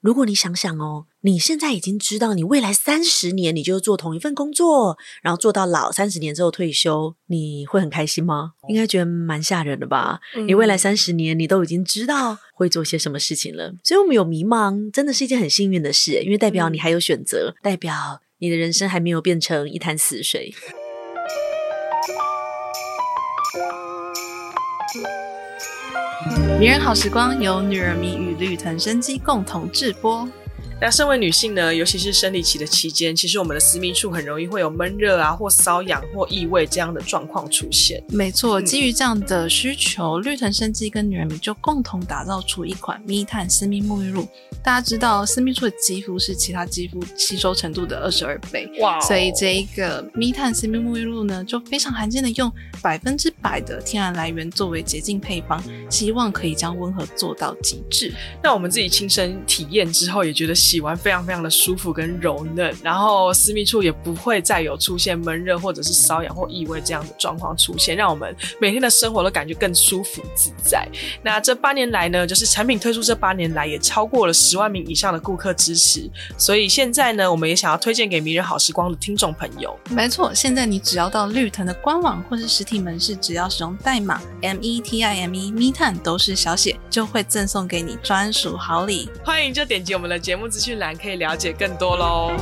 如果你想想哦，你現在已經知道你未來三十年，你就做同一份工作，然後做到老，三十年之後退休，你會很開心嗎？應該覺得蠻嚇人的吧？嗯、你未來三十年，你都已經知道會做些什麼事情了，所以我們有迷茫，真的是一件很幸運的事，因為代表你還有選擇，代表你的人生還沒有變成一潭死水。迷人好時光由女人迷與綠藤生機共同製播。那身為女性呢，尤其是生理期的期間，其實我們的私密處很容易會有悶熱啊，或瘙癢或異味這樣的狀況出現。沒錯，基於這樣的需求，嗯、綠藤生機跟女人迷就共同打造出一款 ME TIME 私密沐浴露。大家知道，私密處的肌膚是其他肌膚吸收程度的二十二倍，哇 Wow！所以這一個 ME TIME 私密沐浴露呢，就非常罕見的用百分之百的天然來源作為潔淨配方，嗯、希望可以將溫和做到極致。那我們自己親身體驗之後，也覺得。洗完非常非常的舒服跟柔嫩，然後私密處也不會再有出現悶熱或者是瘙癢或異味這樣的狀況出現，讓我們每天的生活都感覺更舒服自在。那這八年來呢，就是產品推出這八年來，也超過了十萬名以上的顧客支持。所以現在呢，我們也想要推薦給迷人好時光的聽眾朋友。沒錯，現在你只要到綠藤的官網或是實體門市，只要使用代碼 M E T I M E，ME TIME 都是小寫，就會贈送給你專屬好禮。歡迎就點擊我們的節目之。可以了解更多嘍。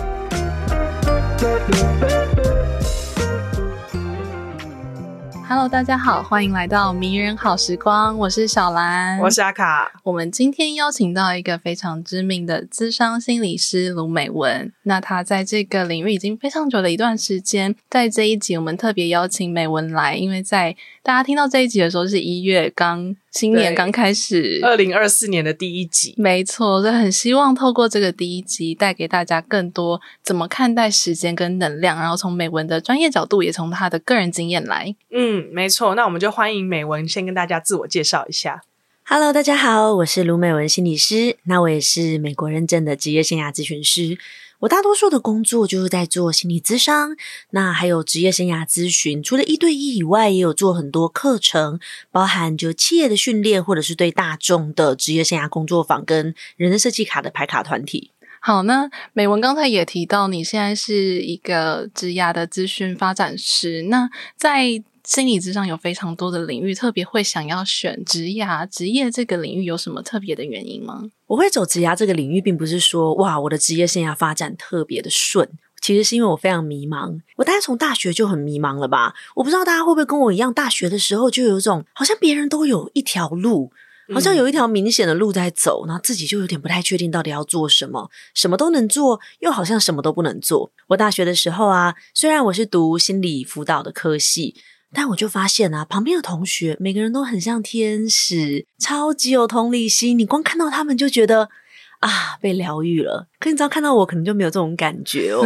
Hello，大家好，歡迎來到迷人好時光，我是小蘭，我是阿卡。我們今天邀請到一個非常知名的諮商心理師盧美妏，那他在這個領域已經非常久了一段時間。在這一集，我們特別邀請美妏來，因為在大家聽到這一集的時候，是一月剛新年剛開始，二零二四年的第一集，沒錯。就很希望透過這個第一集，帶給大家更多怎麼看待時間跟能量，然後從美妏的專業角度，也從他的個人經驗來。嗯，沒錯。那我們就歡迎美妏先跟大家自我介紹一下。Hello，大家好，我是盧美妏心理師，那我也是美國認證的職業生涯諮詢師。我大多數的工作就是在做心理諮商，那還有職業生涯諮詢。除了一對一以外，也有做很多課程，包含就企業的訓練，或者是對大眾的職業生涯工作坊，跟人生設計卡的牌卡團體。好呢，那美妏剛才也提到，你現在是一個職業的諮詢發展師，那在。心理諮商有非常多的領域，特別會想要選職涯啊、職業這個領域有什麼特別的原因嗎？我會走職業這個領域，並不是說哇，我的職業生涯發展特別的順，其實是因為我非常迷茫。我大概從大學就很迷茫了吧？我不知道大家會不會跟我一樣，大學的時候就有一種好像別人都有一條路，好像有一條明顯的路在走，嗯、然後自己就有點不太確定到底要做什麼，什麼都能做，又好像什麼都不能做。我大學的時候啊，雖然我是讀心理輔導的科系。但我就發現啊，旁邊的同學每個人都很像天使，超級有同理心。你光看到他們就覺得啊，被療癒了。可你知道，看到我可能就沒有這種感覺哦。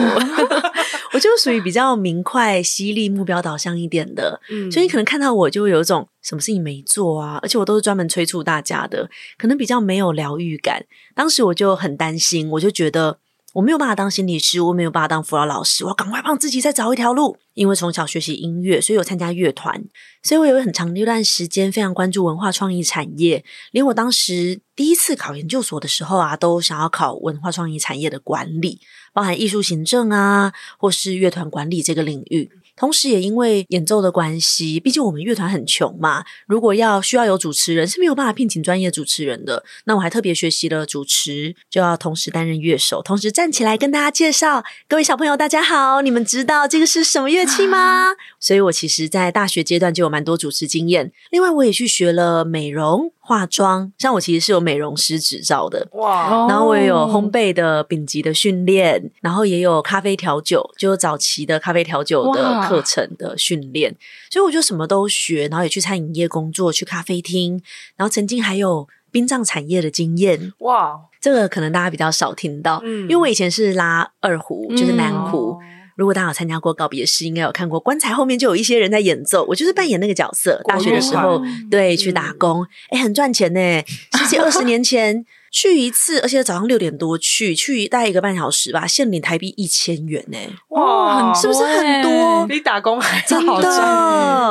我就屬於比較明快、犀利、目標導向一點的，嗯、所以你可能看到我就會有一種什麼事情沒做啊，而且我都是專門催促大家的，可能比較沒有療癒感。當時我就很擔心，我就覺得。我沒有辦法當心理師，我沒有辦法當輔導老師，我要趕快幫自己再找一條路。因為從小學習音樂，所以有參加樂團，所以我有很長一段時間非常關注文化創意產業。連我當時第一次考研究所的時候啊，都想要考文化創意產業的管理，包含藝術行政啊，或是樂團管理這個領域。同時，也因為演奏的關係，畢竟我們樂團很窮嘛，如果要需要有主持人，是沒有辦法聘請專業主持人的。那我還特別學習了主持，就要同時擔任樂手，同時站起來跟大家介紹。各位小朋友，大家好！你們知道這個是什麼樂器嗎？所以我其實，在大學階段就有蠻多主持經驗。另外，我也去學了美容。化妝，像我其實是有美容師執照的。哇！然後我也有烘焙的丙級的訓練，然後也有咖啡調酒，就早期的咖啡調酒的課程的訓練，哇所以我就什麼都學，然後也去餐飲業工作，去咖啡廳，然後曾經還有殯葬產業的經驗。哇！這個可能大家比較少聽到，嗯、因為我以前是拉二胡，就是南胡。嗯如果大家有參加過告別式，應該有看過棺材後面就有一些人在演奏。我就是扮演那個角色，大學的時候對去打工，哎、嗯欸，很賺錢呢、欸。十幾二十年前 去一次，而且早上六點多去，去大概一個半小時吧，現領台幣一千元呢、欸。哇很，是不是很多？比打工還好賺、欸、真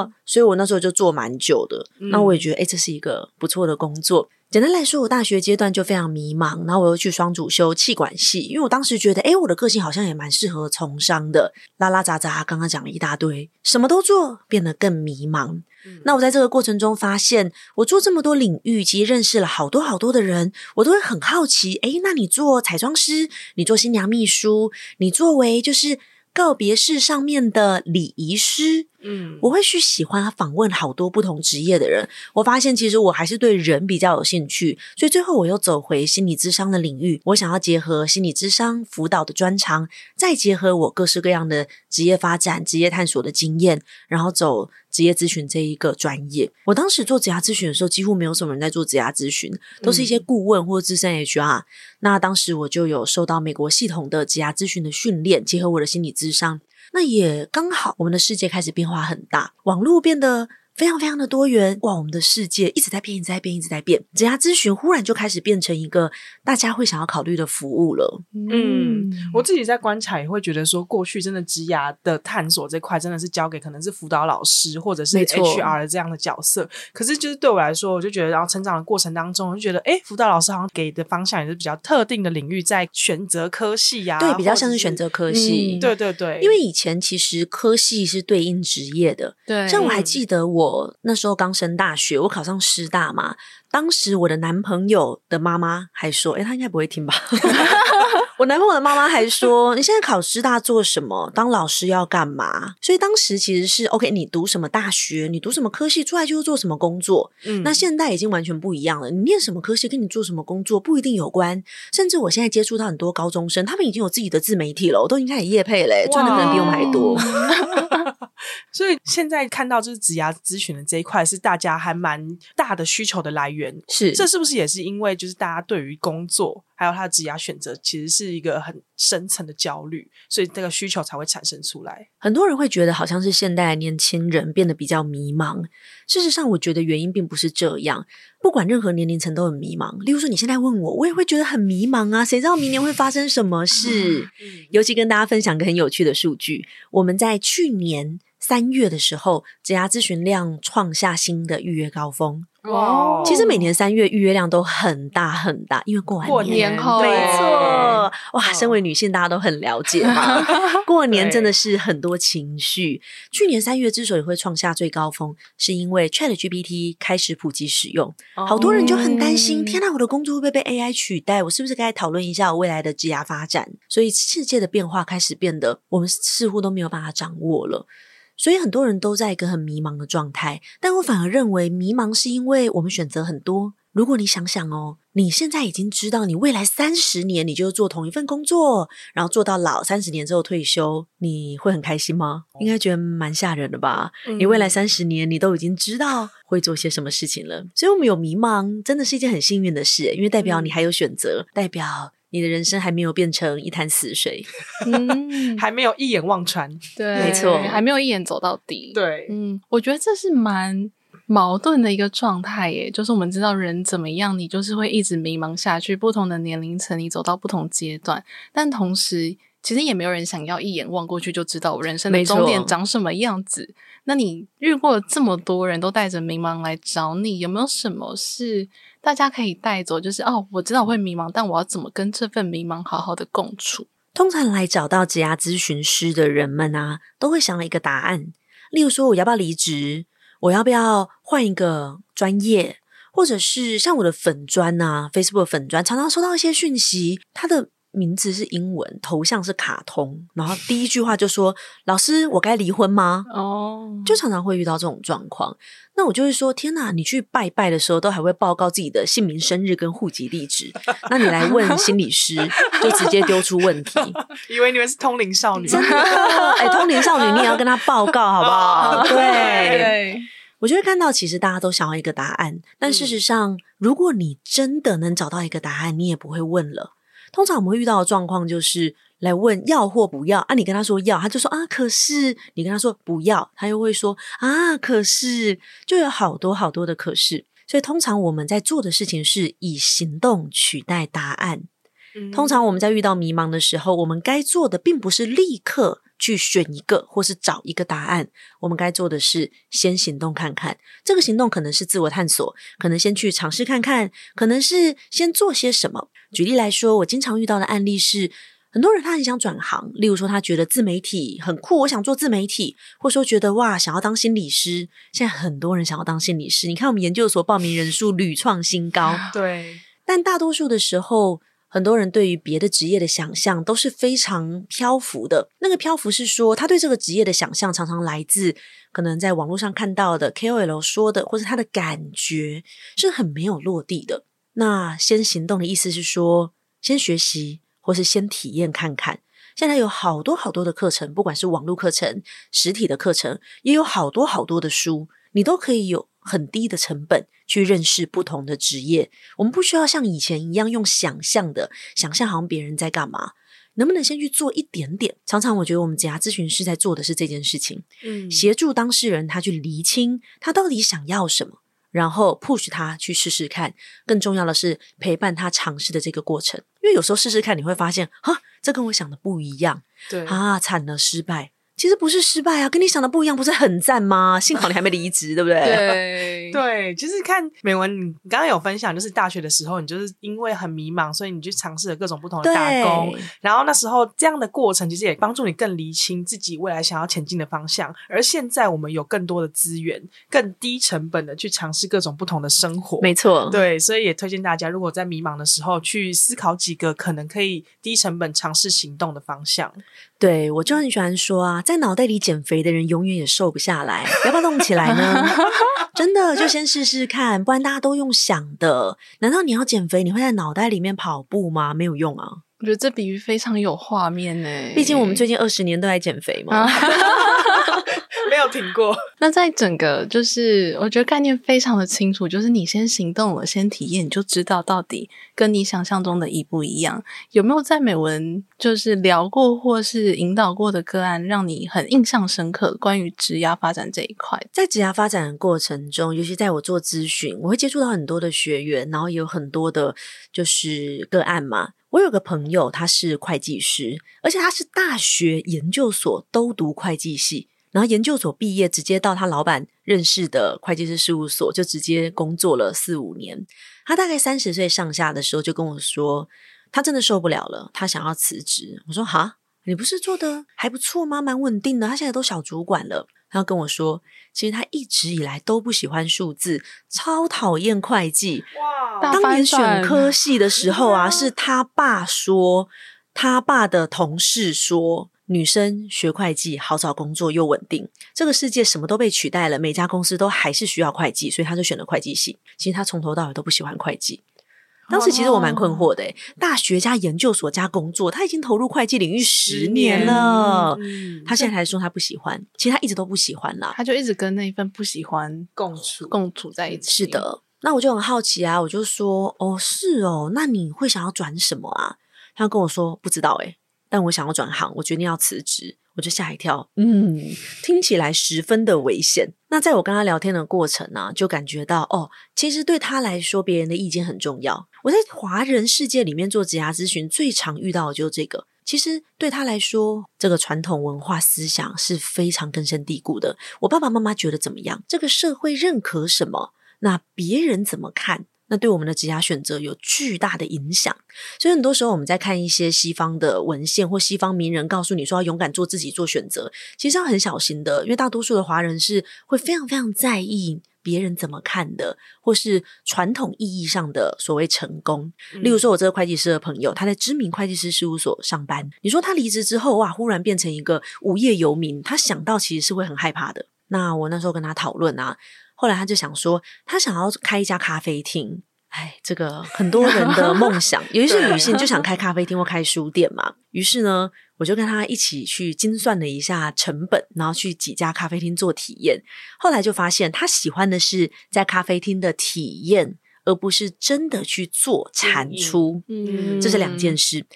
的。所以我那時候就做蠻久的，嗯、那我也覺得哎、欸，這是一個不錯的工作。簡單來說，我大學階段就非常迷茫，然後我又去雙主修企管系，因為我當時覺得，哎、欸，我的個性好像也蠻適合從商的，拉拉雜雜，剛剛講了一大堆，什麼都做，變得更迷茫。嗯、那我在這個過程中發現，我做這麼多領域，其實認識了好多好多的人，我都會很好奇，哎、欸，那你做彩妝師，你做新娘秘書，你作為就是，告別式上面的禮儀師，嗯，我會去喜歡訪問好多不同職業的人。我發現其實我還是對人比較有興趣，所以最後我又走回心理諮商的領域。我想要結合心理諮商輔導的專長，再結合我各式各樣的職業發展、職業探索的經驗，然後走職業諮詢這一個專業，我當時做職業諮詢的時候，幾乎沒有什麼人在做職業諮詢，都是一些顧問或者資深 HR、嗯。那當時我就有受到美國系統的職業諮詢的訓練，結合我的心理智商心理諮商，那也剛好我們的世界開始變化很大，網絡變得。非常非常的多元哇！我們的世界一直在變，一直在變，一直在變。職涯諮詢忽然就開始變成一個大家會想要考慮的服務了。嗯，我自己在觀察也會覺得說，過去真的職涯的探索這塊真的是交給可能是輔導老師或者是 HR 這樣的角色。沒錯。可是就是對我來說，我就覺得，然後成長的過程當中，我就覺得，哎，輔導老師好像給的方向也是比較特定的領域，在選擇科系呀、啊，對，比較像是選擇科系。嗯、對對對，因為以前其實科系是對應職業的。對，像我還記得我。我那時候剛升大學，我考上師大嘛。當時我的男朋友的媽媽還說：“哎，他應該不會聽吧？” 我男朋友的媽媽還說：“你現在考師大做什麼？當老師要幹嘛？”所以當時其實是 OK，你讀什麼大學，你讀什麼科系，出來就是做什麼工作。嗯，那現在已經完全不一樣了。你念什麼科系，跟你做什麼工作不一定有關。甚至我現在接觸到很多高中生，他們已經有自己的自媒體了，我都已經開始業配嘞、欸，賺的 Wow. 可能比我還多。 所以現在看到就是，職涯諮詢的這一塊是大家還蠻大的需求的來源。是這是不是也是因為就是大家對於工作還有他的職涯選擇其實是一個很深層的焦慮，所以這個需求才會產生出來。很多人會覺得好像是現代年輕人變得比較迷茫，事實上我覺得原因並不是這樣，不管任何年齡層都很迷茫。例如說你現在問我，我也會覺得很迷茫啊，誰知道明年會發生什麼事？ 尤其跟大家分享一個很有趣的數據，我們在去年。三月的時候，職涯諮詢量創下新的預約高峰。哦 Wow，其實每年三月預約量都很大很大，因為過完年過年後、欸，對沒錯，欸、哇，哦、身為女性，大家都很了解嘛。 過年真的是很多情緒。對去年三月之所以會創下最高峰，是因為 ChatGPT 開始普及使用，好多人就很擔心：，嗯、天啊，我的工作會不會被 AI 取代？我是不是該討論一下我未來的職涯發展？所以，世界的變化開始變得，我們似乎都沒有辦法掌握了。所以很多人都在一個很迷茫的狀態但我反而認為迷茫是因為我們選擇很多。如果你想想哦，你現在已經知道你未來三十年你就做同一份工作，然後做到老，三十年之後退休，你會很開心嗎？應該覺得蠻嚇人的吧？嗯、你未來三十年你都已經知道會做些什麼事情了，所以我們有迷茫，真的是一件很幸運的事，因為代表你還有選擇，嗯、代表你的人生還沒有變成一潭死水，嗯、 還沒有一眼望穿，對，沒錯，還沒有一眼走到底。對，嗯，我覺得這是蠻矛盾的一個狀態耶。就是我們知道人怎麼樣，你就是會一直迷茫下去。不同的年齡層，你走到不同階段，但同時其實也沒有人想要一眼望過去就知道我人生的終點長什麼樣子。那你遇過這麼多人都帶着迷茫來找你，有沒有什麼是大家可以帶走？就是哦，我知道我會迷茫，但我要怎麼跟這份迷茫好好的共處？通常來找到職涯諮詢師的人們啊，都會想到一個答案，例如說我要不要離職，我要不要換一個專業，或者是像我的粉專啊，Facebook 粉專，常常收到一些訊息，它的。名字是英文，頭像是卡通，然後第一句話就說：“ 老師，我該離婚嗎？”哦，oh. 就常常會遇到這種狀況。那我就會說：“天哪，你去拜拜的時候都還會報告自己的姓名、生日跟戶籍地址， 那你來問心理師， 就直接丟出問題， 以為你們是通靈少女？真的？哎，通靈少女，你也要跟他報告好不好？Oh. 對，對對。我就會看到，其實大家都想要一個答案，但事實上，嗯，如果你真的能找到一個答案，你也不會問了。”通常我們會遇到的狀況就是來問要或不要啊，你跟他說要，他就說，啊，可是你跟他說不要，他又會說，啊，可是。就有好多好多的可是，所以通常我們在做的事情是以行動取代答案。通常我們在遇到迷茫的時候，我們該做的並不是立刻去選一個或是找一個答案，我們該做的是先行動看看。這個行動可能是自我探索，可能先去嘗試看看，可能是先做些什麼。舉例來說，我經常遇到的案例是，很多人他很想轉行，例如說他覺得自媒體很酷，我想做自媒體，或說覺得哇，想要當心理師。現在很多人想要當心理師，你看我們研究所報名人數屢創新高。對，但大多數的時候，很多人對於別的職業的想象都是非常漂浮的。那個漂浮是說，他對這個職業的想象常常來自可能在網絡上看到的 KOL 說的，或者他的感覺是很沒有落地的。那先行動的意思是說，先學習或是先體驗看看。現在有好多好多的課程，不管是網絡課程、實體的課程，也有好多好多的書，你都可以有很低的成本去認識不同的職業。我們不需要像以前一樣用想象的想象，好像別人在幹嘛，能不能先去做一點點？常常我覺得我們職涯諮詢師在做的是這件事情，嗯，協助當事人他去釐清他到底想要什麼。然後 push 他去試試看，更重要的是陪伴他嘗試的這個過程，因為有時候試試看你會發現，哈，這跟我想的不一樣，對，啊，慘了，失敗。其實不是失敗啊，跟你想的不一樣，不是很贊嗎？幸好你還沒離職，對不 對？對，對，其實看美妏，你剛剛有分享，就是大學的時候，你就是因為很迷茫，所以你去嘗試了各種不同的打工。對然後那時候這樣的過程，其實也幫助你更釐清自己未來想要前進的方向。而現在我們有更多的資源，更低成本的去嘗試各種不同的生活。沒錯，對，所以也推薦大家，如果在迷茫的時候，去思考幾個可能可以低成本嘗試行動的方向。對，我就很喜歡說啊。在腦袋裡減肥的人永遠也瘦不下來，要不要動起來呢？ 真的，就先試試看，不然大家都用想的。難道你要減肥，你會在腦袋裡面跑步嗎？沒有用啊。我覺得這比喻非常有畫面欸，畢竟我們最近二十年都在減肥嘛。 要聽過那在整個就是我覺得概念非常的清楚，就是你先行動，我先體驗，你就知道到底跟你想象中的一不一樣。有沒有在美妏就是聊過或是引導過的個案，讓你很印象深刻？關於職涯發展這一塊，在職涯發展的過程中，尤其在我做諮詢，我會接觸到很多的學員，然後也有很多的就是個案嘛。我有個朋友，他是會計師，而且他是大學研究所都讀會計系。然後研究所畢業，直接到他老闆認識的會計師事務所，就直接工作了四五年。他大概三十歲上下的時候，就跟我說，他真的受不了了，他想要辭職。我說：哈，你不是做得還不錯嗎？蠻穩定的，他現在都小主管了。他又跟我說，其實他一直以來都不喜歡數字，超討厭會計。哇！Wow, 當年選科系的時候啊，wow, 是他爸說，yeah. 他爸的同事說。女生學會計好找工作又穩定，這個世界什麼都被取代了，每家公司都還是需要會計，所以他就選了會計系。其實他從頭到尾都不喜歡會計。當時其實我蠻困惑的、欸，大學加研究所加工作，他已經投入會計領域十年了，十年嗯、他現在才說他不喜歡，是其實他一直都不喜歡啦。他就一直跟那一份不喜歡共處共處在一起。是的，那我就很好奇啊，我就說，哦，是哦，那你會想要轉什麼啊？他跟我說不知道、欸，哎。但我想要轉行，我決定要辭職，我就嚇一跳。嗯，聽起來十分的危險。那在我跟他聊天的過程呢，啊，就感覺到哦，其實對他來說，別人的意見很重要。我在華人世界裡面做職業諮詢，最常遇到的就是這個。其實對他來說，這個傳統文化思想是非常根深蒂固的。我爸爸媽媽覺得怎麼樣？這個社會認可什麼？那別人怎麼看？那對我們的職涯選擇有巨大的影響，所以很多時候我們在看一些西方的文獻或西方名人告訴你說要勇敢做自己做選擇，其實要很小心的，因為大多數的華人是會非常非常在意別人怎麼看的，或是傳統意義上的所謂成功。嗯、例如說，我這個會計師的朋友，他在知名會計師事務所上班，你說他離職之後，哇，忽然變成一個無業遊民，他想到其實是會很害怕的。那我那時候跟他討論啊。後來他就想說，他想要開一家咖啡廳。哎，這個很多人的夢想， 有一些女性就想開咖啡廳或開書店嘛。於是呢，我就跟他一起去精算了一下成本，然後去幾家咖啡廳做體驗。後來就發現，他喜歡的是在咖啡廳的體驗，而不是真的去做產出。嗯，這是兩件事。嗯、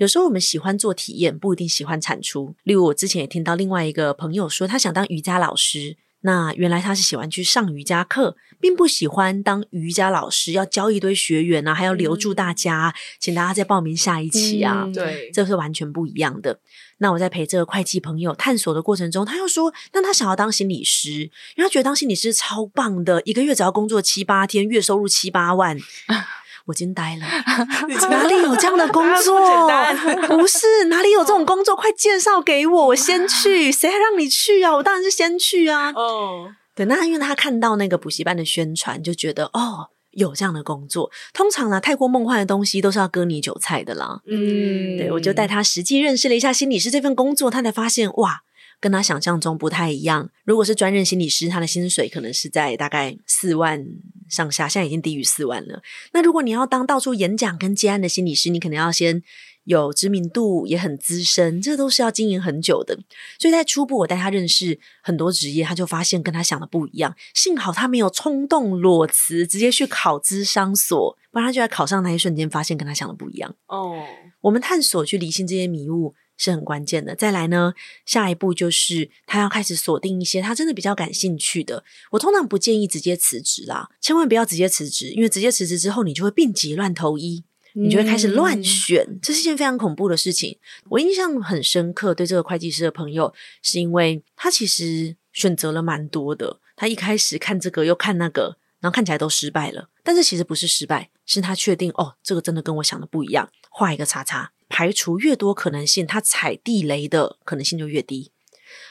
有時候我們喜歡做體驗，不一定喜歡產出。例如，我之前也聽到另外一個朋友說，他想當瑜伽老師。那原來他是喜歡去上瑜伽課，並不喜歡當瑜伽老師，要教一堆學員啊，還要留住大家，嗯、請大家再報名下一期啊。嗯、對，這是完全不一樣的。那我在陪這個會計朋友探索的過程中，他又說，那他想要當心理師，因為他覺得當心理師超棒的，一個月只要工作七八天，月收入七八萬。 我驚呆了， 哪裡有這樣的工作？ 不是，哪裡有這種工作， 快介紹給我，我先去。誰哇還讓你去啊？我當然是先去啊。哦，對，那因為他看到那個補習班的宣傳，就覺得哦有這樣的工作。通常呢、啊，太過夢幻的東西都是要割你韭菜的啦。嗯，對，我就帶他實際認識了一下心理師這份工作，他才發現哇。跟他想象中不太一樣。如果是專任心理師，他的薪水可能是在大概四萬上下，現在已經低於四萬了。那如果你要當到處演講跟接案的心理師，你可能要先有知名度，也很資深，這都是要經營很久的。所以在初步我帶他認識很多職業，他就發現跟他想的不一樣。幸好他沒有衝動裸辭，直接去考諮商所，不然他就在考上那一瞬間發現跟他想的不一樣。哦，oh. 我們探索去釐清這些迷霧是很關鍵的。再來呢，下一步就是他要開始鎖定一些他真的比較感興趣的。我通常不建議直接辭職啦，千萬不要直接辭職，因為直接辭職之後，你就會病急亂投醫，嗯、你就會開始亂選，這是件非常恐怖的事情。我印象很深刻，對這個會計師的朋友，是因為他其實選擇了蠻多的，他一開始看這個又看那個，然後看起來都失敗了，但是其實不是失敗，是他確定哦，這個真的跟我想的不一樣，畫一個叉叉。排除越多可能性，他踩地雷的可能性就越低。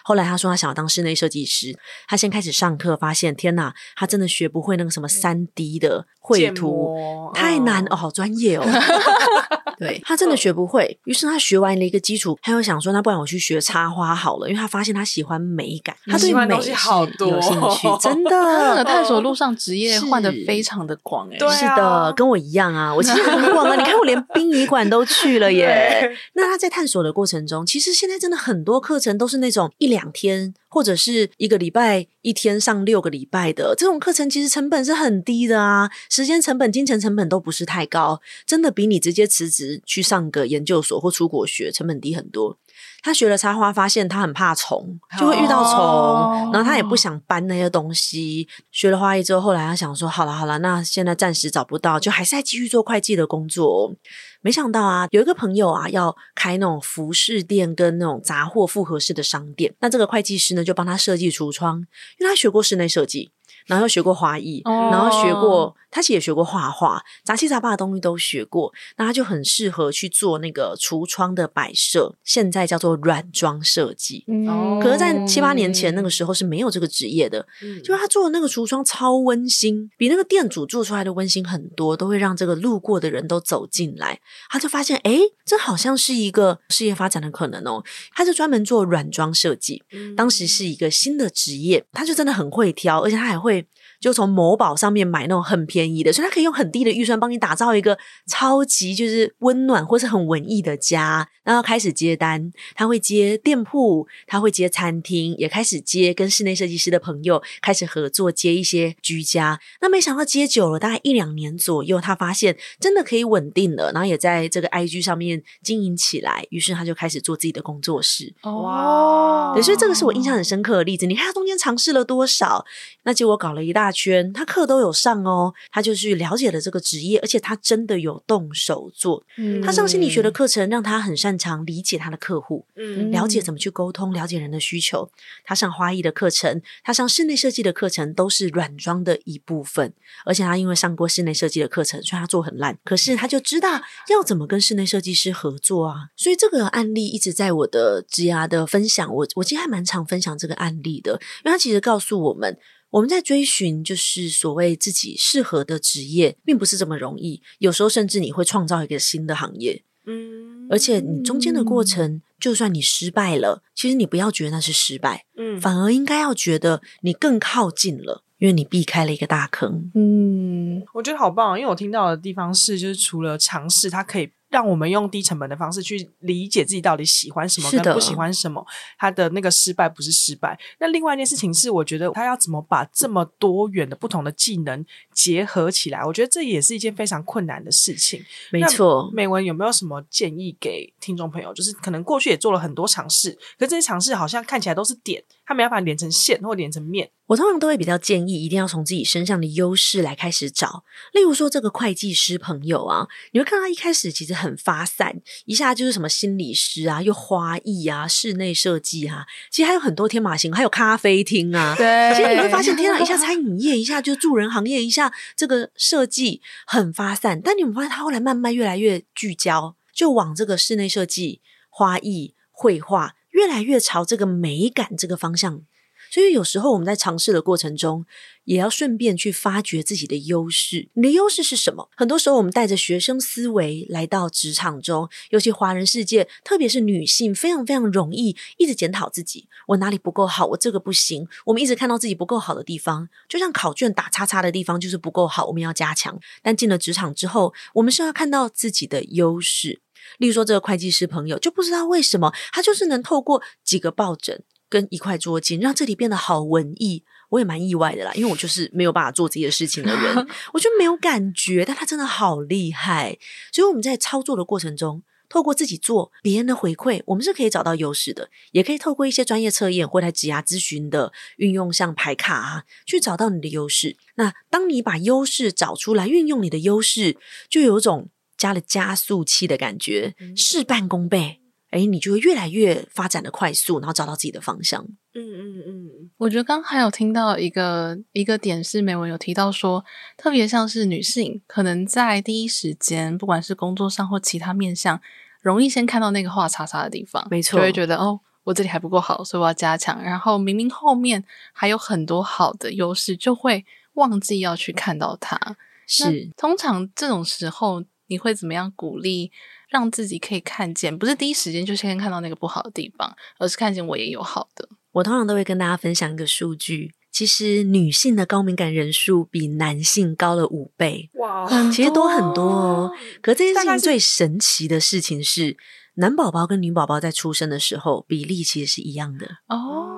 後來他說他想要當室內設計師，他先開始上課，發現天哪，他真的學不會那個什麼三 D 的繪圖，啊、太難哦，好專業哦。 對，他真的學不會，於、oh. 是他學完了一個基礎，他又想說，那不然我去學插花好了，因為他發現他喜歡美感，他對美好有興趣，的真的。真的、oh. 是探索路上職業換的非常的廣、欸，哎，是的，跟我一樣啊，我其實很廣啊， 你看我連殯儀館都去了耶。 對那他在探索的過程中，其實現在真的很多課程都是那種一兩天或者是一個禮拜。一天上六個禮拜的這種課程，其實成本是很低的啊，時間成本、金錢成本都不是太高，真的比你直接辭職去上個研究所或出國學成本低很多。他學了插花，發現他很怕蟲，就會遇到蟲，oh. 然後他也不想搬那些東西。學了花藝之後，後來他想說：“好了好了，那現在暫時找不到，就還是在繼續做會計的工作。”沒想到啊，有一個朋友啊要開那種服飾店跟那種雜貨複合式的商店，那這個會計師呢就幫他設計櫥窗，因為他學過室內設計，然後又學過花藝、哦、然後學過。他其實也學過畫畫，雜七雜八的東西都學過。那他就很適合去做那個櫥窗的擺設，現在叫做軟裝設計。哦、嗯，可是，在七八年前那個時候是沒有這個職業的。就是他做的那個櫥窗超溫馨，比那個店主做出來的溫馨很多，都會讓這個路過的人都走進來。他就發現，哎、欸，這好像是一個事業發展的可能哦、喔。他就專門做軟裝設計，當時是一個新的職業。他就真的很會挑，而且他還會就從某寶上面買那種很便。便宜的，所以他可以用很低的預算幫你打造一個超級就是溫暖或是很文藝的家。然後開始接單，他會接店鋪，他會接餐廳，也開始接跟室內設計師的朋友開始合作，接一些居家。那沒想到接久了，大概一兩年左右，他發現真的可以穩定了，然後也在這個 IG 上面經營起來。於是他就開始做自己的工作室。哇！對，所以這個是我印象很深刻的例子。你看他中間嘗試了多少，那結果搞了一大圈，他課都有上哦。他就去了解了這個職業，而且他真的有動手做。嗯、他上心理學的課程，讓他很擅長理解他的客戶，嗯、了解怎麼去溝通，了解人的需求。他上花藝的課程，他上室內設計的課程，都是軟裝的一部分。而且他因為上過室內設計的課程，所以他做很爛，可是他就知道要怎麼跟室內設計師合作啊。所以這個案例一直在我的職涯的分享，我我其實還蠻常分享這個案例的，因為他其實告訴我們。我們在追尋，就是所謂自己適合的職業，並不是這麼容易。有時候甚至你會創造一個新的行業，嗯，而且你中間的過程，嗯、就算你失敗了，其實你不要覺得那是失敗，嗯，反而應該要覺得你更靠近了，因為你避開了一個大坑。嗯，我覺得好棒，因為我聽到的地方是，就是除了嘗試，它可以。讓我們用低成本的方式去理解自己到底喜歡什麼跟不喜歡什麼，的他的那個失敗不是失敗。那另外一件事情是，我覺得他要怎麼把這麼多元的不同的技能。結合起來，我覺得這也是一件非常困難的事情。沒錯錯，美妏有沒有什麼建議給聽眾朋友？就是可能過去也做了很多嘗試，可這些嘗試好像看起來都是點，他沒辦法連成線或連成面。我通常都會比較建議，一定要從自己身上的優勢來開始找。例如說，這個會計師朋友啊，你會看到他一開始其實很發散，一下就是什麼心理師啊，又花藝啊，室內設計啊，其實還有很多天馬行，還有咖啡廳啊。對， 其實你會發現，天啊，一下餐飲業，一下就是、助人行業，一下。這個設計很發散，但你們發現他後來慢慢越來越聚焦，就往這個室內設計、花藝、繪畫，越來越朝這個美感這個方向。所以有時候我們在嘗試的過程中，也要順便去發掘自己的優勢。你的優勢是什麼？很多時候，我們帶着學生思維來到職場中，尤其華人世界，特別是女性，非常非常容易一直檢討自己：我哪裡不夠好？我這個不行。我們一直看到自己不夠好的地方，就像考卷打叉叉的地方就是不夠好，我們要加強。但進了職場之後，我們是要看到自己的優勢。例如說，這個會計師朋友，就不知道為什麼，他就是能透過幾個抱枕跟一塊桌巾，讓這裡變得好文藝。我也蠻意外的啦，因為我就是沒有辦法做這些事情的人， 我就沒有感覺。但他真的好厲害，所以我們在操作的過程中，透過自己做別人的回饋，我們是可以找到優勢的，也可以透過一些專業測驗或來職涯諮詢的運用，像牌卡啊，去找到你的優勢。那當你把優勢找出來，運用你的優勢，就有一種加了加速器的感覺，嗯、事半功倍。誒，你就會越來越發展的快速，然後找到自己的方向。嗯嗯嗯，我覺得剛還有聽到一個一個點是美妏有提到說，特別像是女性，可能在第一時間，不管是工作上或其他面向，容易先看到那個畫叉叉的地方，沒錯，就會覺得哦，我這裡還不夠好，所以我要加強。然後明明後面還有很多好的優勢，就會忘記要去看到它。是，通常這種時候你會怎麼樣鼓勵？讓自己可以看見，不是第一時間就先看到那個不好的地方，而是看見我也有好的。我通常都會跟大家分享一個數據，其實女性的高敏感人數比男性高了五倍，哇，Wow. 其實多很多哦。Wow. 可這件事情最神奇的事情是，是男寶寶跟女寶寶在出生的時候比例其實是一樣的哦。Oh.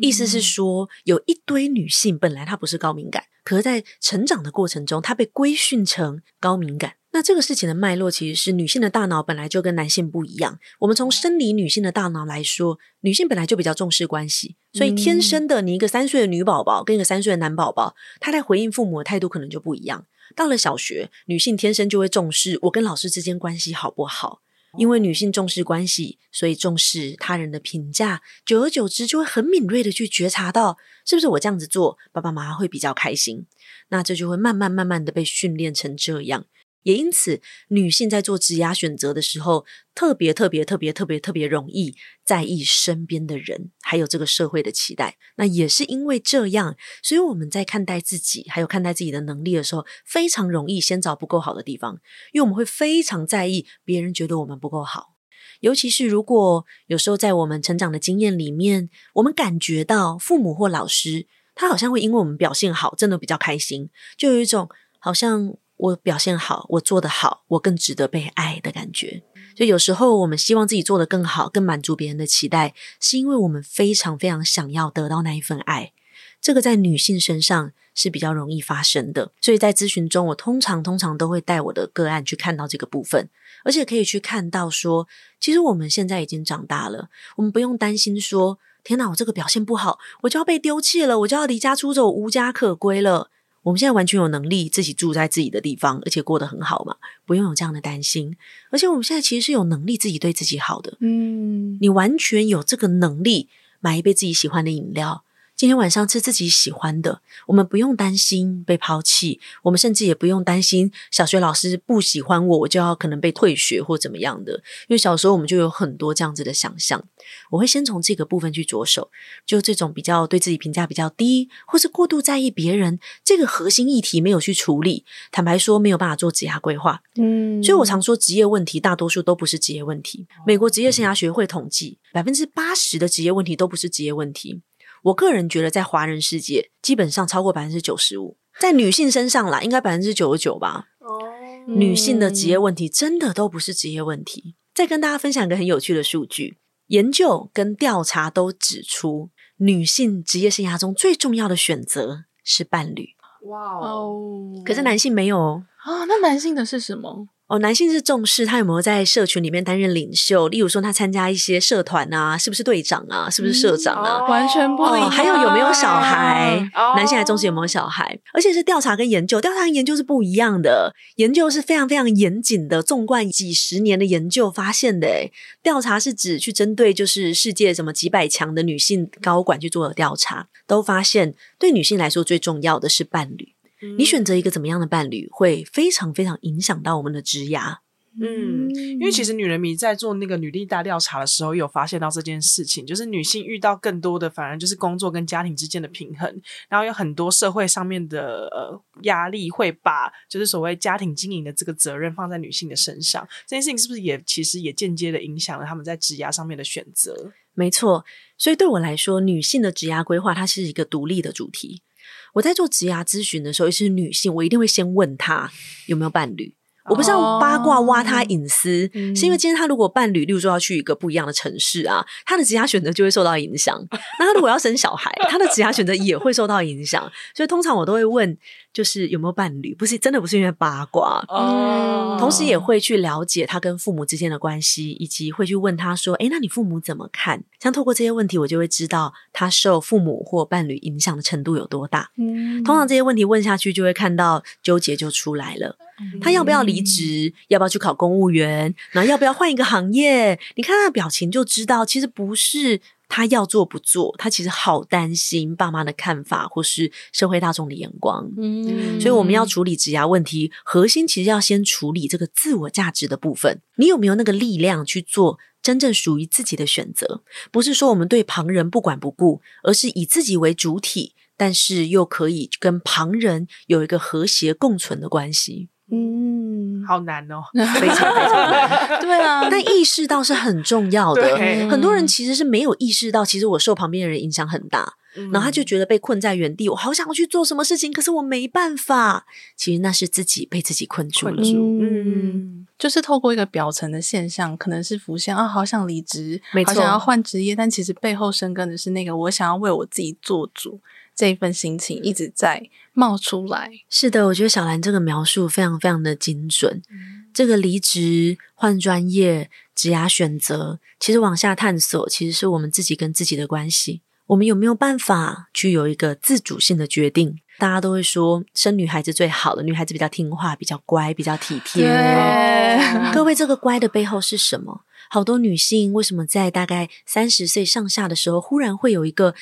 意思是說，有一堆女性本來她不是高敏感，可是在成長的過程中，她被規訓成高敏感。那這個事情的脈絡其實是女性的大腦本來就跟男性不一樣。我們從生理女性的大腦來說，女性本來就比較重視關係，所以天生的，你一個三歲的女寶寶跟一個三歲的男寶寶，她在回應父母的態度可能就不一樣。到了小學，女性天生就會重視我跟老師之間關係好不好，因為女性重視關係，所以重視他人的評價，久而久之就會很敏銳的去覺察到是不是我這樣子做，爸爸媽媽會比較開心。那這就會慢慢慢慢的被訓練成這樣。也因此，女性在做職業選擇的時候，特別特別特別特別特別容易在意身邊的人，還有這個社會的期待。那也是因為這樣，所以我們在看待自己，還有看待自己的能力的時候，非常容易先找不夠好的地方，因為我們會非常在意別人覺得我們不夠好。尤其是如果有時候在我們成長的經驗裡面，我們感覺到父母或老師，他好像會因為我們表現好，真的比較開心，就有一種好像。我表現好，我做得好，我更值得被愛的感覺。就有時候我們希望自己做得更好，更滿足別人的期待，是因為我們非常非常想要得到那一份愛。這個在女性身上是比較容易發生的。所以在諮詢中，我通常通常都會帶我的個案去看到這個部分，而且可以去看到說，其實我們現在已經長大了，我們不用擔心說，天哪，我這個表現不好，我就要被丟棄了，我就要離家出走，無家可歸了。我們現在完全有能力自己住在自己的地方，而且過得很好嘛，不用有這樣的擔心。而且我們現在其實是有能力自己對自己好的。嗯，你完全有這個能力買一杯自己喜歡的飲料。今天晚上吃自己喜歡的，我們不用擔心被拋棄，我們甚至也不用擔心小學老師不喜歡我，我就要可能被退學或怎麼樣的。因為小時候我們就有很多這樣子的想象。我會先從這個部分去着手，就這種比較對自己評價比較低，或是過度在意別人，這個核心議題沒有去處理，坦白說沒有辦法做職業規劃。嗯，所以我常說職業問題大多數都不是職業問題。美國職業生涯學會統計，百分之八十的職業問題都不是職業問題。我個人覺得，在華人世界，基本上超過百分之九十五，在女性身上啦，應該百分之九十九吧。哦，oh, 女性的職業問題真的都不是職業問題。嗯。再跟大家分享一個很有趣的數據，研究跟調查都指出，女性職業生涯中最重要的選擇是伴侶。哇哦 Wow！可是男性沒有哦。啊，oh, 那男性的是什麼？哦，男性是重視他有沒有在社群裡面擔任領袖，例如說他參加一些社團啊，是不是隊長啊，是不是社長啊？嗯哦、完全不一樣、哦。還有有沒有小孩？嗯哦、男性還重視有沒有小孩，而且是調查跟研究，調查跟研究是不一樣的。研究是非常非常嚴謹的，縱貫幾十年的研究發現的、欸。誒調查是指去針對就是世界什麼幾百強的女性高管去做的調查，都發現對女性來說最重要的是伴侶。你選擇一個怎麼樣的伴侶，會非常非常影響到我們的職涯。嗯，因為其實女人迷在做那個女力大調查的時候，有發現到這件事情，就是女性遇到更多的，反而就是工作跟家庭之間的平衡，然後有很多社會上面的呃壓力，會把就是所謂家庭經營的這個責任放在女性的身上。這件事情是不是也其實也間接的影響了她們在職涯上面的選擇？沒錯，所以對我來說，女性的職涯規劃，它是一個獨立的主題。我在做職涯諮詢的時候，尤其是女性，我一定會先問她有沒有伴侶。我不是要八卦挖他隱私，哦、嗯、是因為今天他如果伴侶，例如說要去一個不一樣的城市啊，他的職涯選擇就會受到影響。那他如果要生小孩， 他的職涯選擇也會受到影響。所以通常我都會問，就是有沒有伴侶？不是真的不是因為八卦哦。同時也會去了解他跟父母之間的關係，以及會去問他說：“哎、欸，那你父母怎麼看？”像透過這些問題，我就會知道他受父母或伴侶影響的程度有多大。嗯、通常這些問題問下去，就會看到糾結就出來了。他要不要離？離職要不要去考公務員？那要不要換一個行業？你看他的表情就知道，其實不是他要做不做，他其實好擔心爸媽的看法或是社會大眾的眼光。嗯，所以我們要處理職涯問題，核心其實要先處理這個自我價值的部分。你有沒有那個力量去做真正屬於自己的選擇？不是說我們對旁人不管不顧，而是以自己為主體，但是又可以跟旁人有一個和諧共存的關係。嗯，好難哦，非常非常難。 對啊，但意識到是很重要的。欸、很多人其實是沒有意識到，其實我受旁邊的人影響很大，嗯、然後他就覺得被困在原地。我好想要去做什麼事情，可是我沒辦法。其實那是自己被自己困住了。困住，嗯，嗯，就是透過一個表層的現象，可能是浮現啊，好想離職，沒錯，好想要換職業，但其實背後深根的是那個我想要為我自己做主。這一份心情一直在冒出來。是的，我覺得小蘭這個描述非常非常的精準。嗯、這個離職、換專業、職涯選擇，其實往下探索，其實是我們自己跟自己的關係。我們有沒有辦法去有一個自主性的決定？大家都會說生女孩子最好的，女孩子比較聽話、比較乖、比較體貼。 各位，這個乖的背後是什麼？好多女性為什麼在大概三十歲上下的時候，忽然會有一個？